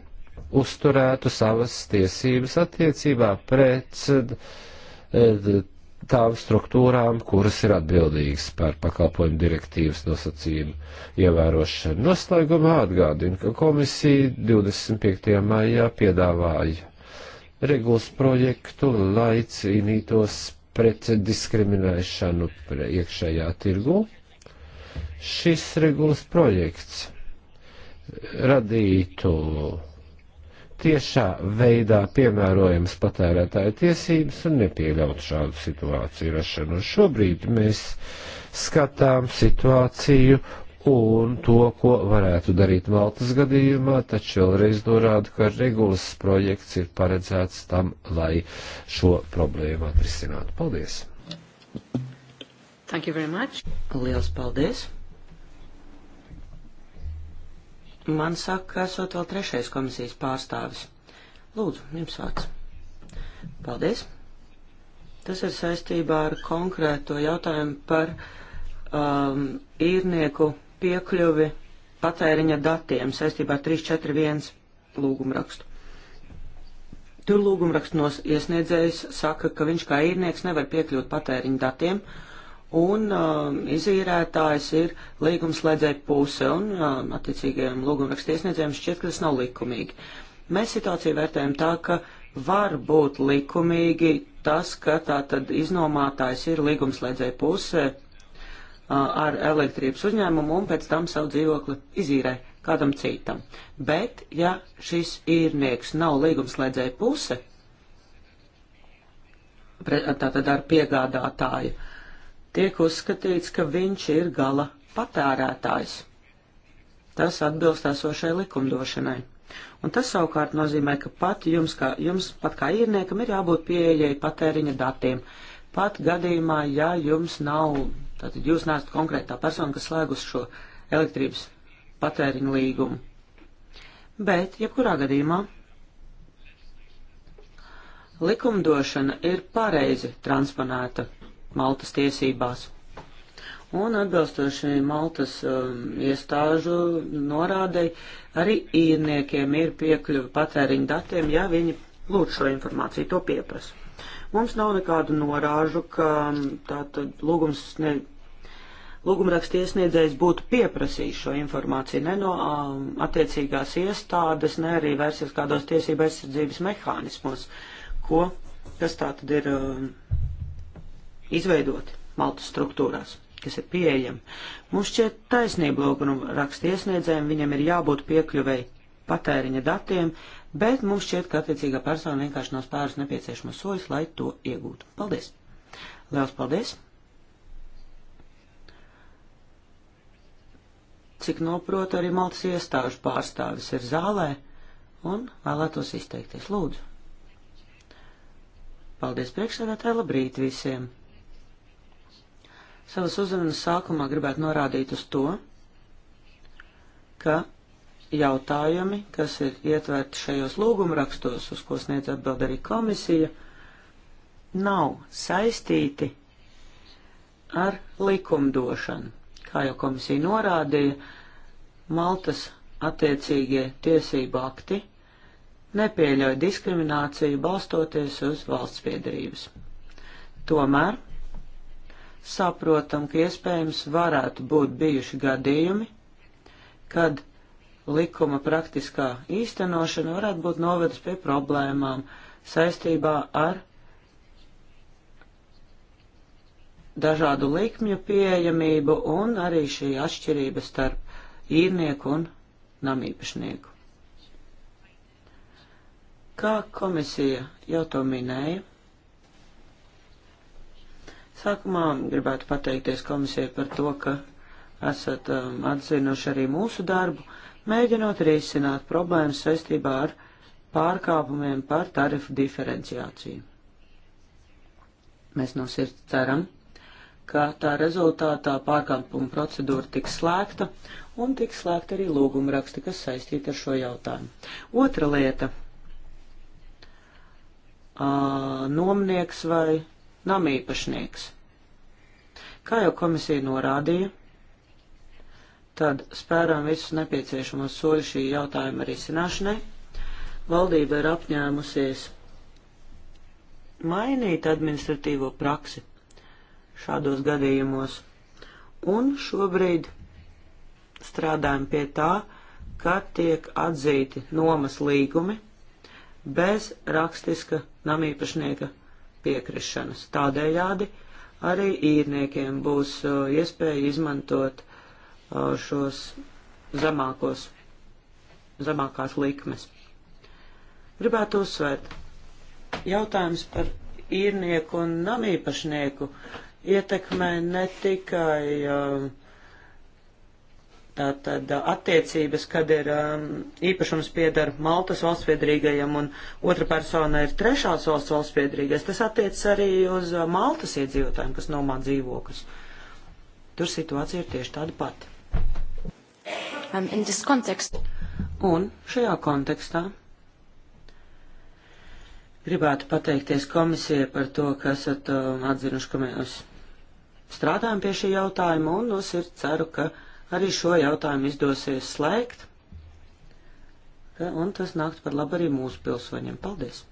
Speaker 3: uzturētu savas tiesības attiecībā pret eh, tām struktūrām, kuras ir atbildīgas par pakalpojumu direktīvas nosacījumu ievērošanu. Noslēgumā atgādinu, ka komisija 25. maijā piedāvāja regulas projektu, lai cīnītos pret diskriminēšanu pre iekšējā tirgu. Šis regulas projekts radītu tiešā veidā piemērojamas patērētāju tiesības un nepieļaut šādu situāciju rašanu. Šobrīd mēs skatām situāciju un to, ko varētu darīt Maltas gadījumā, taču vēlreiz norādu, ka regulas projekts ir paredzēts tam, lai šo problēmu atrisinātu. Paldies!
Speaker 1: Thank you very much. Lielas paldies! Man saka, ka esot vēl trešais komisijas pārstāvis. Lūdzu, jums vārds. Paldies. Tas ir saistībā ar konkrēto jautājumu par um, īrnieku piekļuvi patēriņa datiem saistībā ar 341 lūgumrakstu. Tur lūgumrakstu iesniedzējs saka, ka viņš kā īrnieks nevar piekļūt patēriņa datiem, uh, un um, izīrētājs ir līgumslēdzēja puse, un um, attiecīgajiem lūgumrakstiesniedzējiem šķiet, ka tas nav likumīgi. Mēs situāciju vērtējam tā, ka var būt likumīgi tas, ka tā tad iznomātājs ir līgumslēdzēja puse uh, ar elektrības uzņēmumu un pēc tam savu dzīvokli izīrē kādam citam. Bet, ja šis īrnieks nav līgumslēdzēja puse, tātad ar piegādātāju, uh, tiek uzskatīts, ka viņš ir gala patērētājs. Tas atbilst esošai likumdošanai. Un tas savukārt nozīmē, ka pat jums, kā, jums pat kā īrniekam ir jābūt pieejai patēriņa datiem. Pat gadījumā, ja jums nav, tātad jūs neesat konkrētā persona, kas slēgus šo elektrības patēriņa līgumu. Bet, jebkurā gadījumā, likumdošana ir pareizi transponēta Maltas tiesībās. Un atbilstoši Maltas um, iestāžu norādei arī īrniekiem ir piekļuva patēriņu datiem, ja viņi lūdz šo informāciju, to pieprasa. Mums nav nekādu norāžu, ka um, tātad lūgums ne, lūgumraksta iesniedzējs būtu pieprasījis šo informāciju ne no um, attiecīgās iestādes, ne arī vērsies kādos tiesība aizsardzības mehānismos, ko, kas tā tad ir um, izveidoti maltu struktūrās, kas ir pieejami. Mums šķiet taisnība lūguma raksta iesniedzējiem, viņam ir jābūt piekļuvei patēriņa datiem, bet mums šķiet, ka attiecīgā persona vienkārši nav spērus nepieciešamos soļus, lai to iegūtu. Paldies! Liels paldies! Cik noprotu, arī Maltas iestāžu pārstāvis ir zālē un vēlētos izteikties. Lūdzu! Paldies priekšsēdētāji, labrīt visiem! Savas uzrunas sākumā gribētu norādīt uz to, ka jautājumi, kas ir ietverti šajos lūgumrakstos, uz ko sniedz atbild arī komisija, nav saistīti ar likumdošanu. Kā jau komisija norādīja, Maltas attiecīgie tiesību akti nepieļauj diskrimināciju balstoties uz valsts piedarības. Tomēr saprotam, ka iespējams varētu būt bijuši gadījumi, kad likuma praktiskā īstenošana varētu būt novedus pie problēmām saistībā ar dažādu likmju pieejamību un arī šī atšķirība starp īrnieku un namīpašnieku. Kā komisija jau to minēja, Sākumā gribētu pateikties komisijai par to, ka esat um, atzinuši arī mūsu darbu, mēģinot risināt problēmas saistībā ar pārkāpumiem par tarifu diferenciāciju. Mēs no sirds ceram, ka tā rezultātā pārkāpuma procedūra tiks slēgta un tiks slēgta arī lūguma raksti, kas saistīti ar šo jautājumu. Otra lieta. Uh, nomnieks vai nama īpašnieks. Kā jau komisija norādīja, tad spērām visus nepieciešamos soļus šī jautājuma risināšanai. Valdība ir apņēmusies mainīt administratīvo praksi šādos gadījumos, un šobrīd strādājam pie tā, ka tiek atzīti nomas līgumi bez rakstiska namīpašnieka piekrišanas. Tādējādi arī īrniekiem būs iespēja izmantot šos zemākos, zemākās likmes. Gribētu uzsvērt jautājums par īrnieku un namīpašnieku ietekmē ne tikai uh, Tātad attiecības, kad ir um, īpašums piedara Maltas valsts piedrīgajam un otra persona ir trešās valsts valsts piedrīgais, tas attiecas arī uz Maltas iedzīvotājiem, kas nomā dzīvokas. Tur situācija ir tieši tāda pati. Um, un šajā kontekstā gribētu pateikties komisijai par to, ka esat um, atzinuši, ka mēs strādājam pie šī jautājuma un es ir ceru, ka arī šo jautājumu izdosies slēgt, un tas nākt par labu arī mūsu pilsoņiem. Paldies!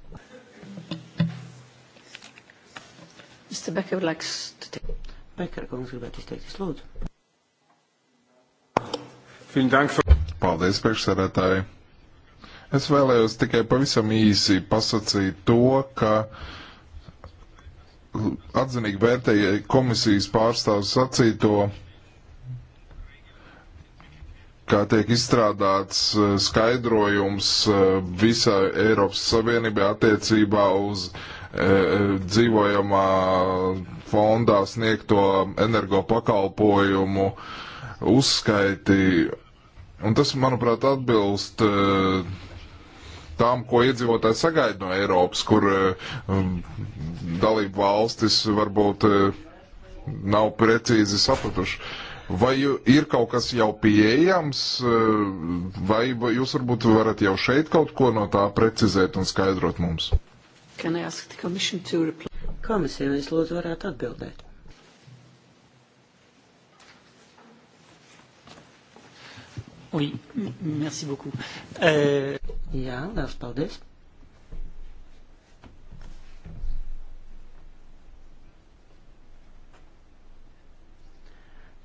Speaker 1: Mr. Becker would like to take... Becker, kungs, gribētu izteikties, lūdzu.
Speaker 2: Paldies, priekšsēdētāji. Es vēlējos tikai pavisam īsi pasakīt to, ka atzinīgi vērtēja komisijas pārstāvs sacīto kā tiek izstrādāts eh, skaidrojums eh, visā Eiropas Savienībā attiecībā uz e, dzīvojamā fondā sniegto energopakalpojumu uzskaiti. Un tas, manuprāt, atbilst e, tām, ko iedzīvotāji sagaida no Eiropas, kur e, dalību valstis varbūt nav precīzi sapratuši. Vai ir kaut kas jau pieejams, eh, vai jūs varbūt varat jau šeit kaut ko no tā precizēt un skaidrot mums?
Speaker 1: Komisija, es lūdzu, varētu atbildēt. Oui, merci beaucoup. Euh... Jā, liels paldies.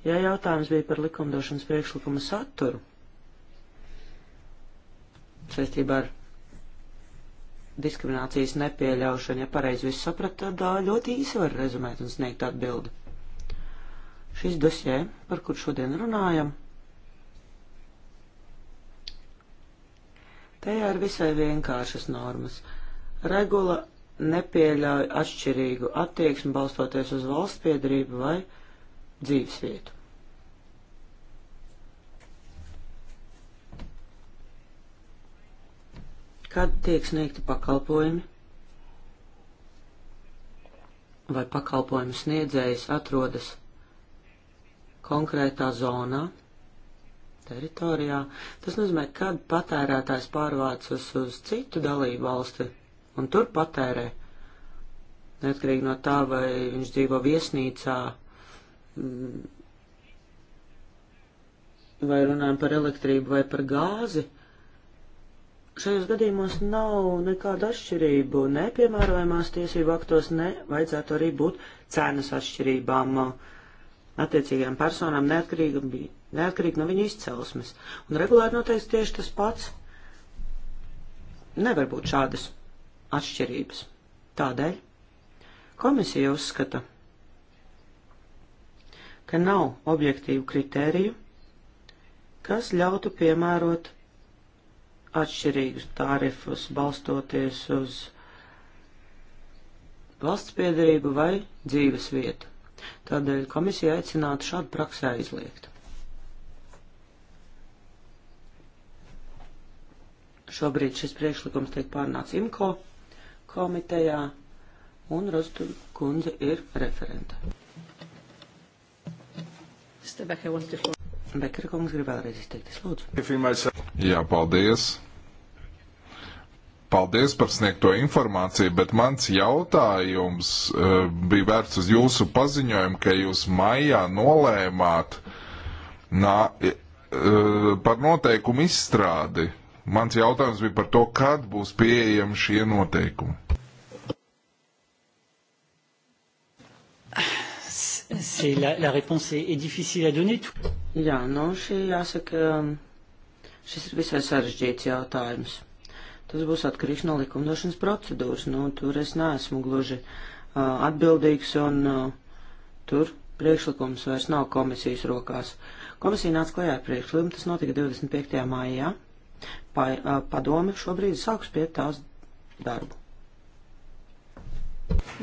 Speaker 1: Ja jautājums bija par likumdošanas priekšlikuma saturu saistībā ar diskriminācijas nepieļaušanu, ja pareizi viss sapratu, tad ļoti īsi var rezumēt un sniegt atbildi. Šis dosjē, par kur šodien runājam, tajā ir visai vienkāršas normas. Regula nepieļauj atšķirīgu attieksmi balstoties uz valsts piedrību vai valsts dzīves vietu. Kad tiek sniegti pakalpojumi? Vai pakalpojumu sniedzējs atrodas konkrētā zonā, teritorijā? Tas nozīmē, kad patērētājs pārvācas uz citu dalību valsti un tur patērē. Neatkarīgi no tā, vai viņš dzīvo viesnīcā Mm. vai runājam par elektrību vai par gāzi, šajos gadījumos nav nekāda atšķirība. Nepiemērojamās tiesību aktos ne vajadzētu arī būt cenas atšķirībām uh, attiecīgajām personām neatkarīgi, neatkarīgi no viņu izcelsmes. Un regulāri noteikti tieši tas pats. Nevar būt šādas atšķirības. Tādēļ komisija uzskata, ka nav objektīvu kritēriju, kas ļautu piemērot atšķirīgus tarifus balstoties uz valsts piedarību vai dzīves vietu. Tādēļ komisija aicinātu šādu praksē izliegt. Šobrīd šis priekšlikums tiek pārnāts IMCO komitejā, un Rostu kundze ir referenta.
Speaker 3: Mr. Becker wants the floor.
Speaker 1: Bekara kungs grib vēlreiz izteikties, lūdzu.
Speaker 2: Jā, paldies. Paldies par sniegto informāciju, bet mans jautājums uh, bija vērts uz jūsu paziņojumu, ka jūs maijā nolēmāt nā, uh, par noteikumu izstrādi. Mans jautājums bija par to, kad būs pieejami šie noteikumi.
Speaker 1: [sighs] C'est la, la réponse est, est difficile à donner. Jā, nu šī jāsaka, um, šis ir visai sarežģīts jautājums. Tas būs atkarīgs no likumdošanas procedūras. Nu, tur es neesmu gluži uh, atbildīgs un uh, tur priekšlikums vairs nav komisijas rokās. Komisija nāca klajā ar priekšlikumu, tas notika 25. maijā. Pa, uh, padome šobrīd sāks pie tās darbu.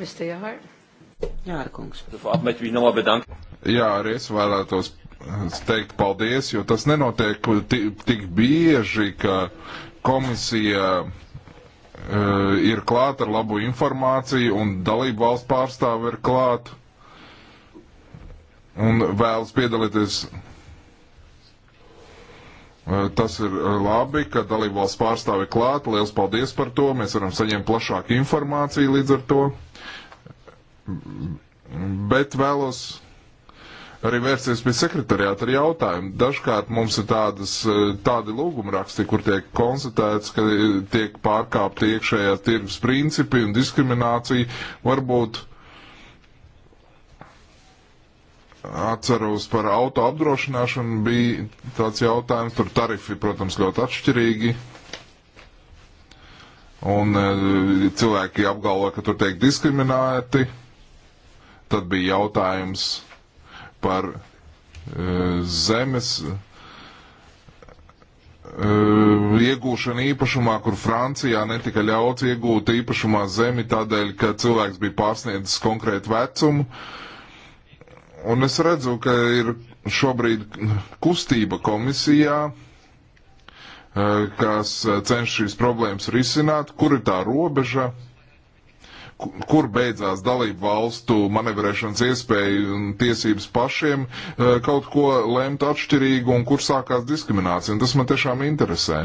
Speaker 1: Mr. Jāhārt.
Speaker 2: Jā, kungs. Jā, arī es vēlētos teikt paldies, jo tas nenotiek tik bieži, ka komisija uh, ir klāta ar labu informāciju un dalību valsts pārstāvi ir klāta un vēlas piedalīties. Eh, tas ir labi, ka dalībvalsts pārstāvi klāt. Liels paldies par to. Mēs varam saņemt plašāku informāciju līdz ar to. Uh, Bet vēlos arī vērsties pie sekretariāta ar jautājumu. Dažkārt mums ir tādas, eh, tādi lūgumraksti, kur tiek konstatēts, ka tiek pārkāpti iekšējā tirgus principi un diskriminācija. Varbūt atceros par auto apdrošināšanu bija tāds jautājums, tur tarifi, protams, ļoti atšķirīgi. Un eh, cilvēki apgalvo, ka tur tiek diskriminēti. Tad bija jautājums par e, zemes e, iegūšanu īpašumā, kur Francijā netika ļauts iegūt īpašumā zemi tādēļ, ka cilvēks bija pārsniedzis konkrētu vecumu. Un es redzu, ka ir šobrīd kustība komisijā, e, kas cenš šīs problēmas risināt, kur ir tā robeža, kur beidzās dalību valstu manevrēšanas iespēja un tiesības pašiem e, kaut ko lemt atšķirīgu un kur sākās diskriminācija. Un tas man tiešām interesē.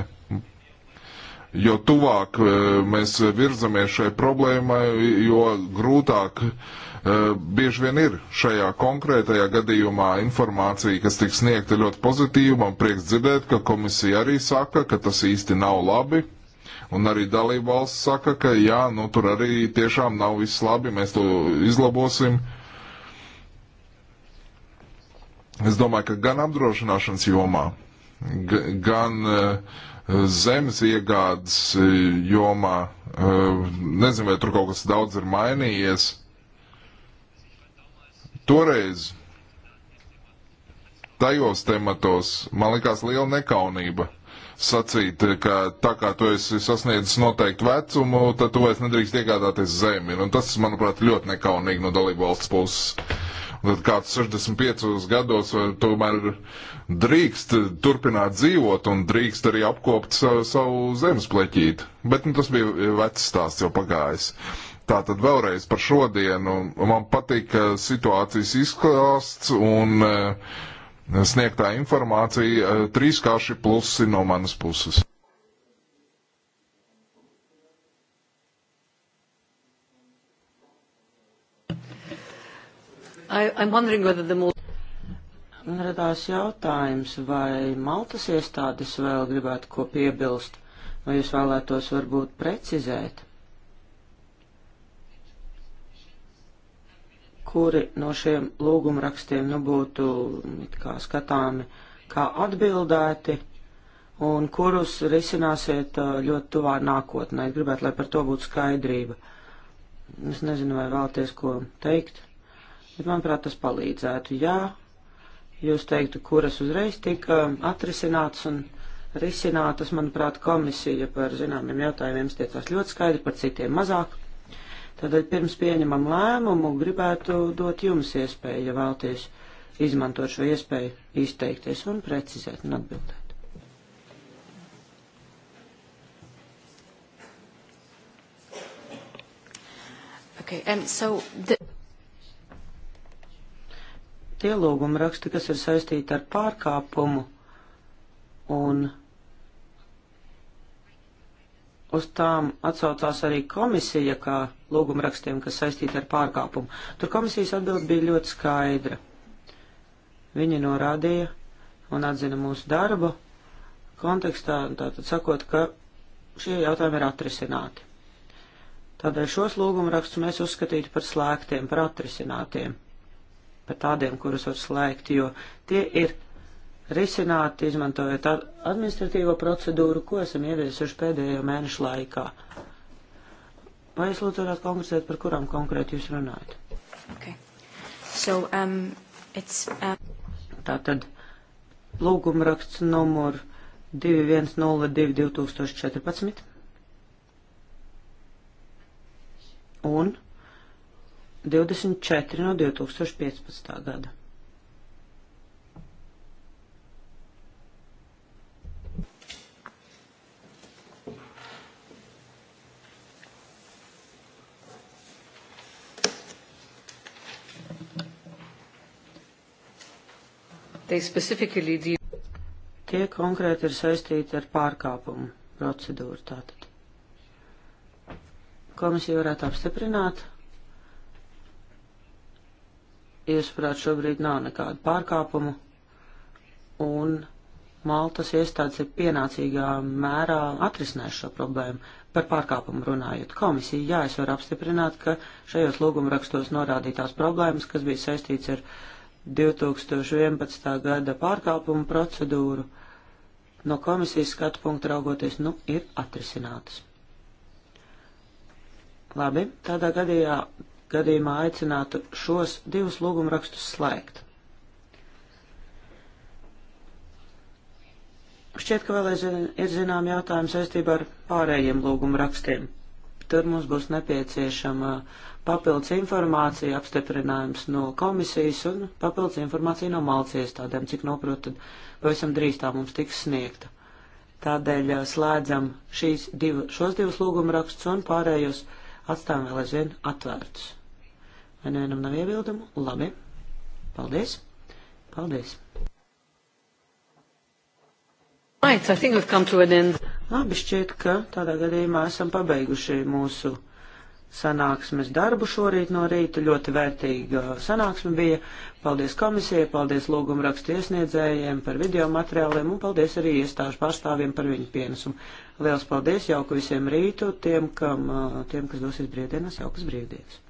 Speaker 2: Jo tuvāk e, mēs virzamies šai problēmai, jo grūtāk e, bieži vien ir šajā konkrētajā gadījumā informācija, kas tiks sniegta ļoti pozitīva. Man prieks dzirdēt, ka komisija arī saka, ka tas īsti nav labi Un arī dalība valsts saka, ka jā, nu tur arī tiešām nav viss labi, mēs to izlabosim. Es domāju, ka gan apdrošināšanas jomā, gan uh, zemes iegādes eh, jomā. Eh, nezinu, vai tur kaut kas daudz ir mainījies. Toreiz tajos tematos man likās liela nekaunība sacīt, ka tā kā tu esi sasniedzis noteiktu vecumu, tad tu vairs nedrīkst iegādāties zemi. Un tas, manuprāt, ļoti nekaunīgi no dalību valsts puses. Un tad kāds 65 gados tomēr drīkst turpināt dzīvot un drīkst arī apkopt savu, savu zemes pleķīti. Bet nu, tas bija vecs stāsts jau pagājis. Tātad vēlreiz par šodienu. Man patīk situācijas izklāsts un uh, sniegtā informācija eh, trīskārši plusi no manas puses.
Speaker 1: I, I'm wondering whether the more Man radās jautājums, vai Maltas iestādes vēl gribētu ko piebilst, vai jūs vēlētos varbūt precizēt? kuri no šiem lūgumrakstiem nu būtu kā skatāmi kā atbildēti un kurus risināsiet ļoti tuvā nākotnē. Es gribētu, lai par to būtu skaidrība. Es nezinu, vai vēlties ko teikt, bet manuprāt, tas palīdzētu. Jā, jūs teiktu, kuras uzreiz tika atrisinātas un risinātas, manuprāt, komisija par zināmiem jautājumiem stiecās ļoti skaidri, par citiem mazāk. Tādēļ pirms pieņemam lēmumu, gribētu dot jums iespēju, ja vēlties izmantot šo iespēju, izteikties un precizēt un atbildēt.
Speaker 3: Okay, um, so the...
Speaker 1: Tie lūguma raksti, kas ir saistīti ar pārkāpumu un Uz tām atsaucās arī komisija, kā lūgumrakstiem, kas saistīti ar pārkāpumu. Tur komisijas atbild bija ļoti skaidra. Viņi norādīja un atzina mūsu darbu kontekstā, tātad sakot, ka šie jautājumi ir atrisināti. Tādēļ šos lūgumrakstus mēs uzskatītu par slēgtiem, par atrisinātiem, par tādiem, kurus var slēgt, jo tie ir risināt, izmantojot administratīvo procedūru, ko esam ieviesuši pēdējo mēnešu laikā. Vai jūs lūdzu varētu konkrētāt, par kurām konkrēti jūs runājat? Okay. So, um, it's, um... Tātad lūgumraksts numur 2102 2014. un 24 no 2015. gada. Specifically... Tie konkrēti ir saistīti ar pārkāpumu procedūru tātad. Komisija varētu apstiprināt. Iesprāt, šobrīd nav nekādu pārkāpumu, un Maltas iestādes ir pienācīgā mērā atrisinājis šo problēmu. Par pārkāpumu runājot, komisija, jā, es varu apstiprināt, ka šajos lūgumrakstos norādītās problēmas, kas bija saistīts ar uh, 2011. gada pārkāpumu procedūru no komisijas skatu punktu raugoties, nu, ir atrisinātas. Labi, tādā gadījā, gadījumā aicinātu šos divus lūgumrakstus slēgt. Šķiet, ka vēl ir zinām jautājums saistībā ar pārējiem lūgumrakstiem. Tur mums būs nepieciešama uh, papildus informācija, apstiprinājums no komisijas un papildus informācija no malts iestādēm, cik noprot, tad pavisam drīz tā mums tiks sniegta. Tādēļ slēdzam šīs div, šos divus lūguma rakstus un pārējos atstājam vēl aizvien atvērtus. Vai nevienam nu nav iebildumu? Labi. Paldies. Paldies. Right, I think we've come to an end. Labi, šķiet, ka tādā gadījumā esam pabeiguši mūsu sanāksmes darbu šorīt no rīta. Ļoti vērtīga sanāksme bija. Paldies komisijai, paldies lūguma rakstu iesniedzējiem par video materiāliem un paldies arī iestāžu pārstāvjiem par viņu pienesumu. Liels paldies, jauku visiem rītu, tiem, kam, tiem kas dosies brīvdienas, jaukas brīvdienas.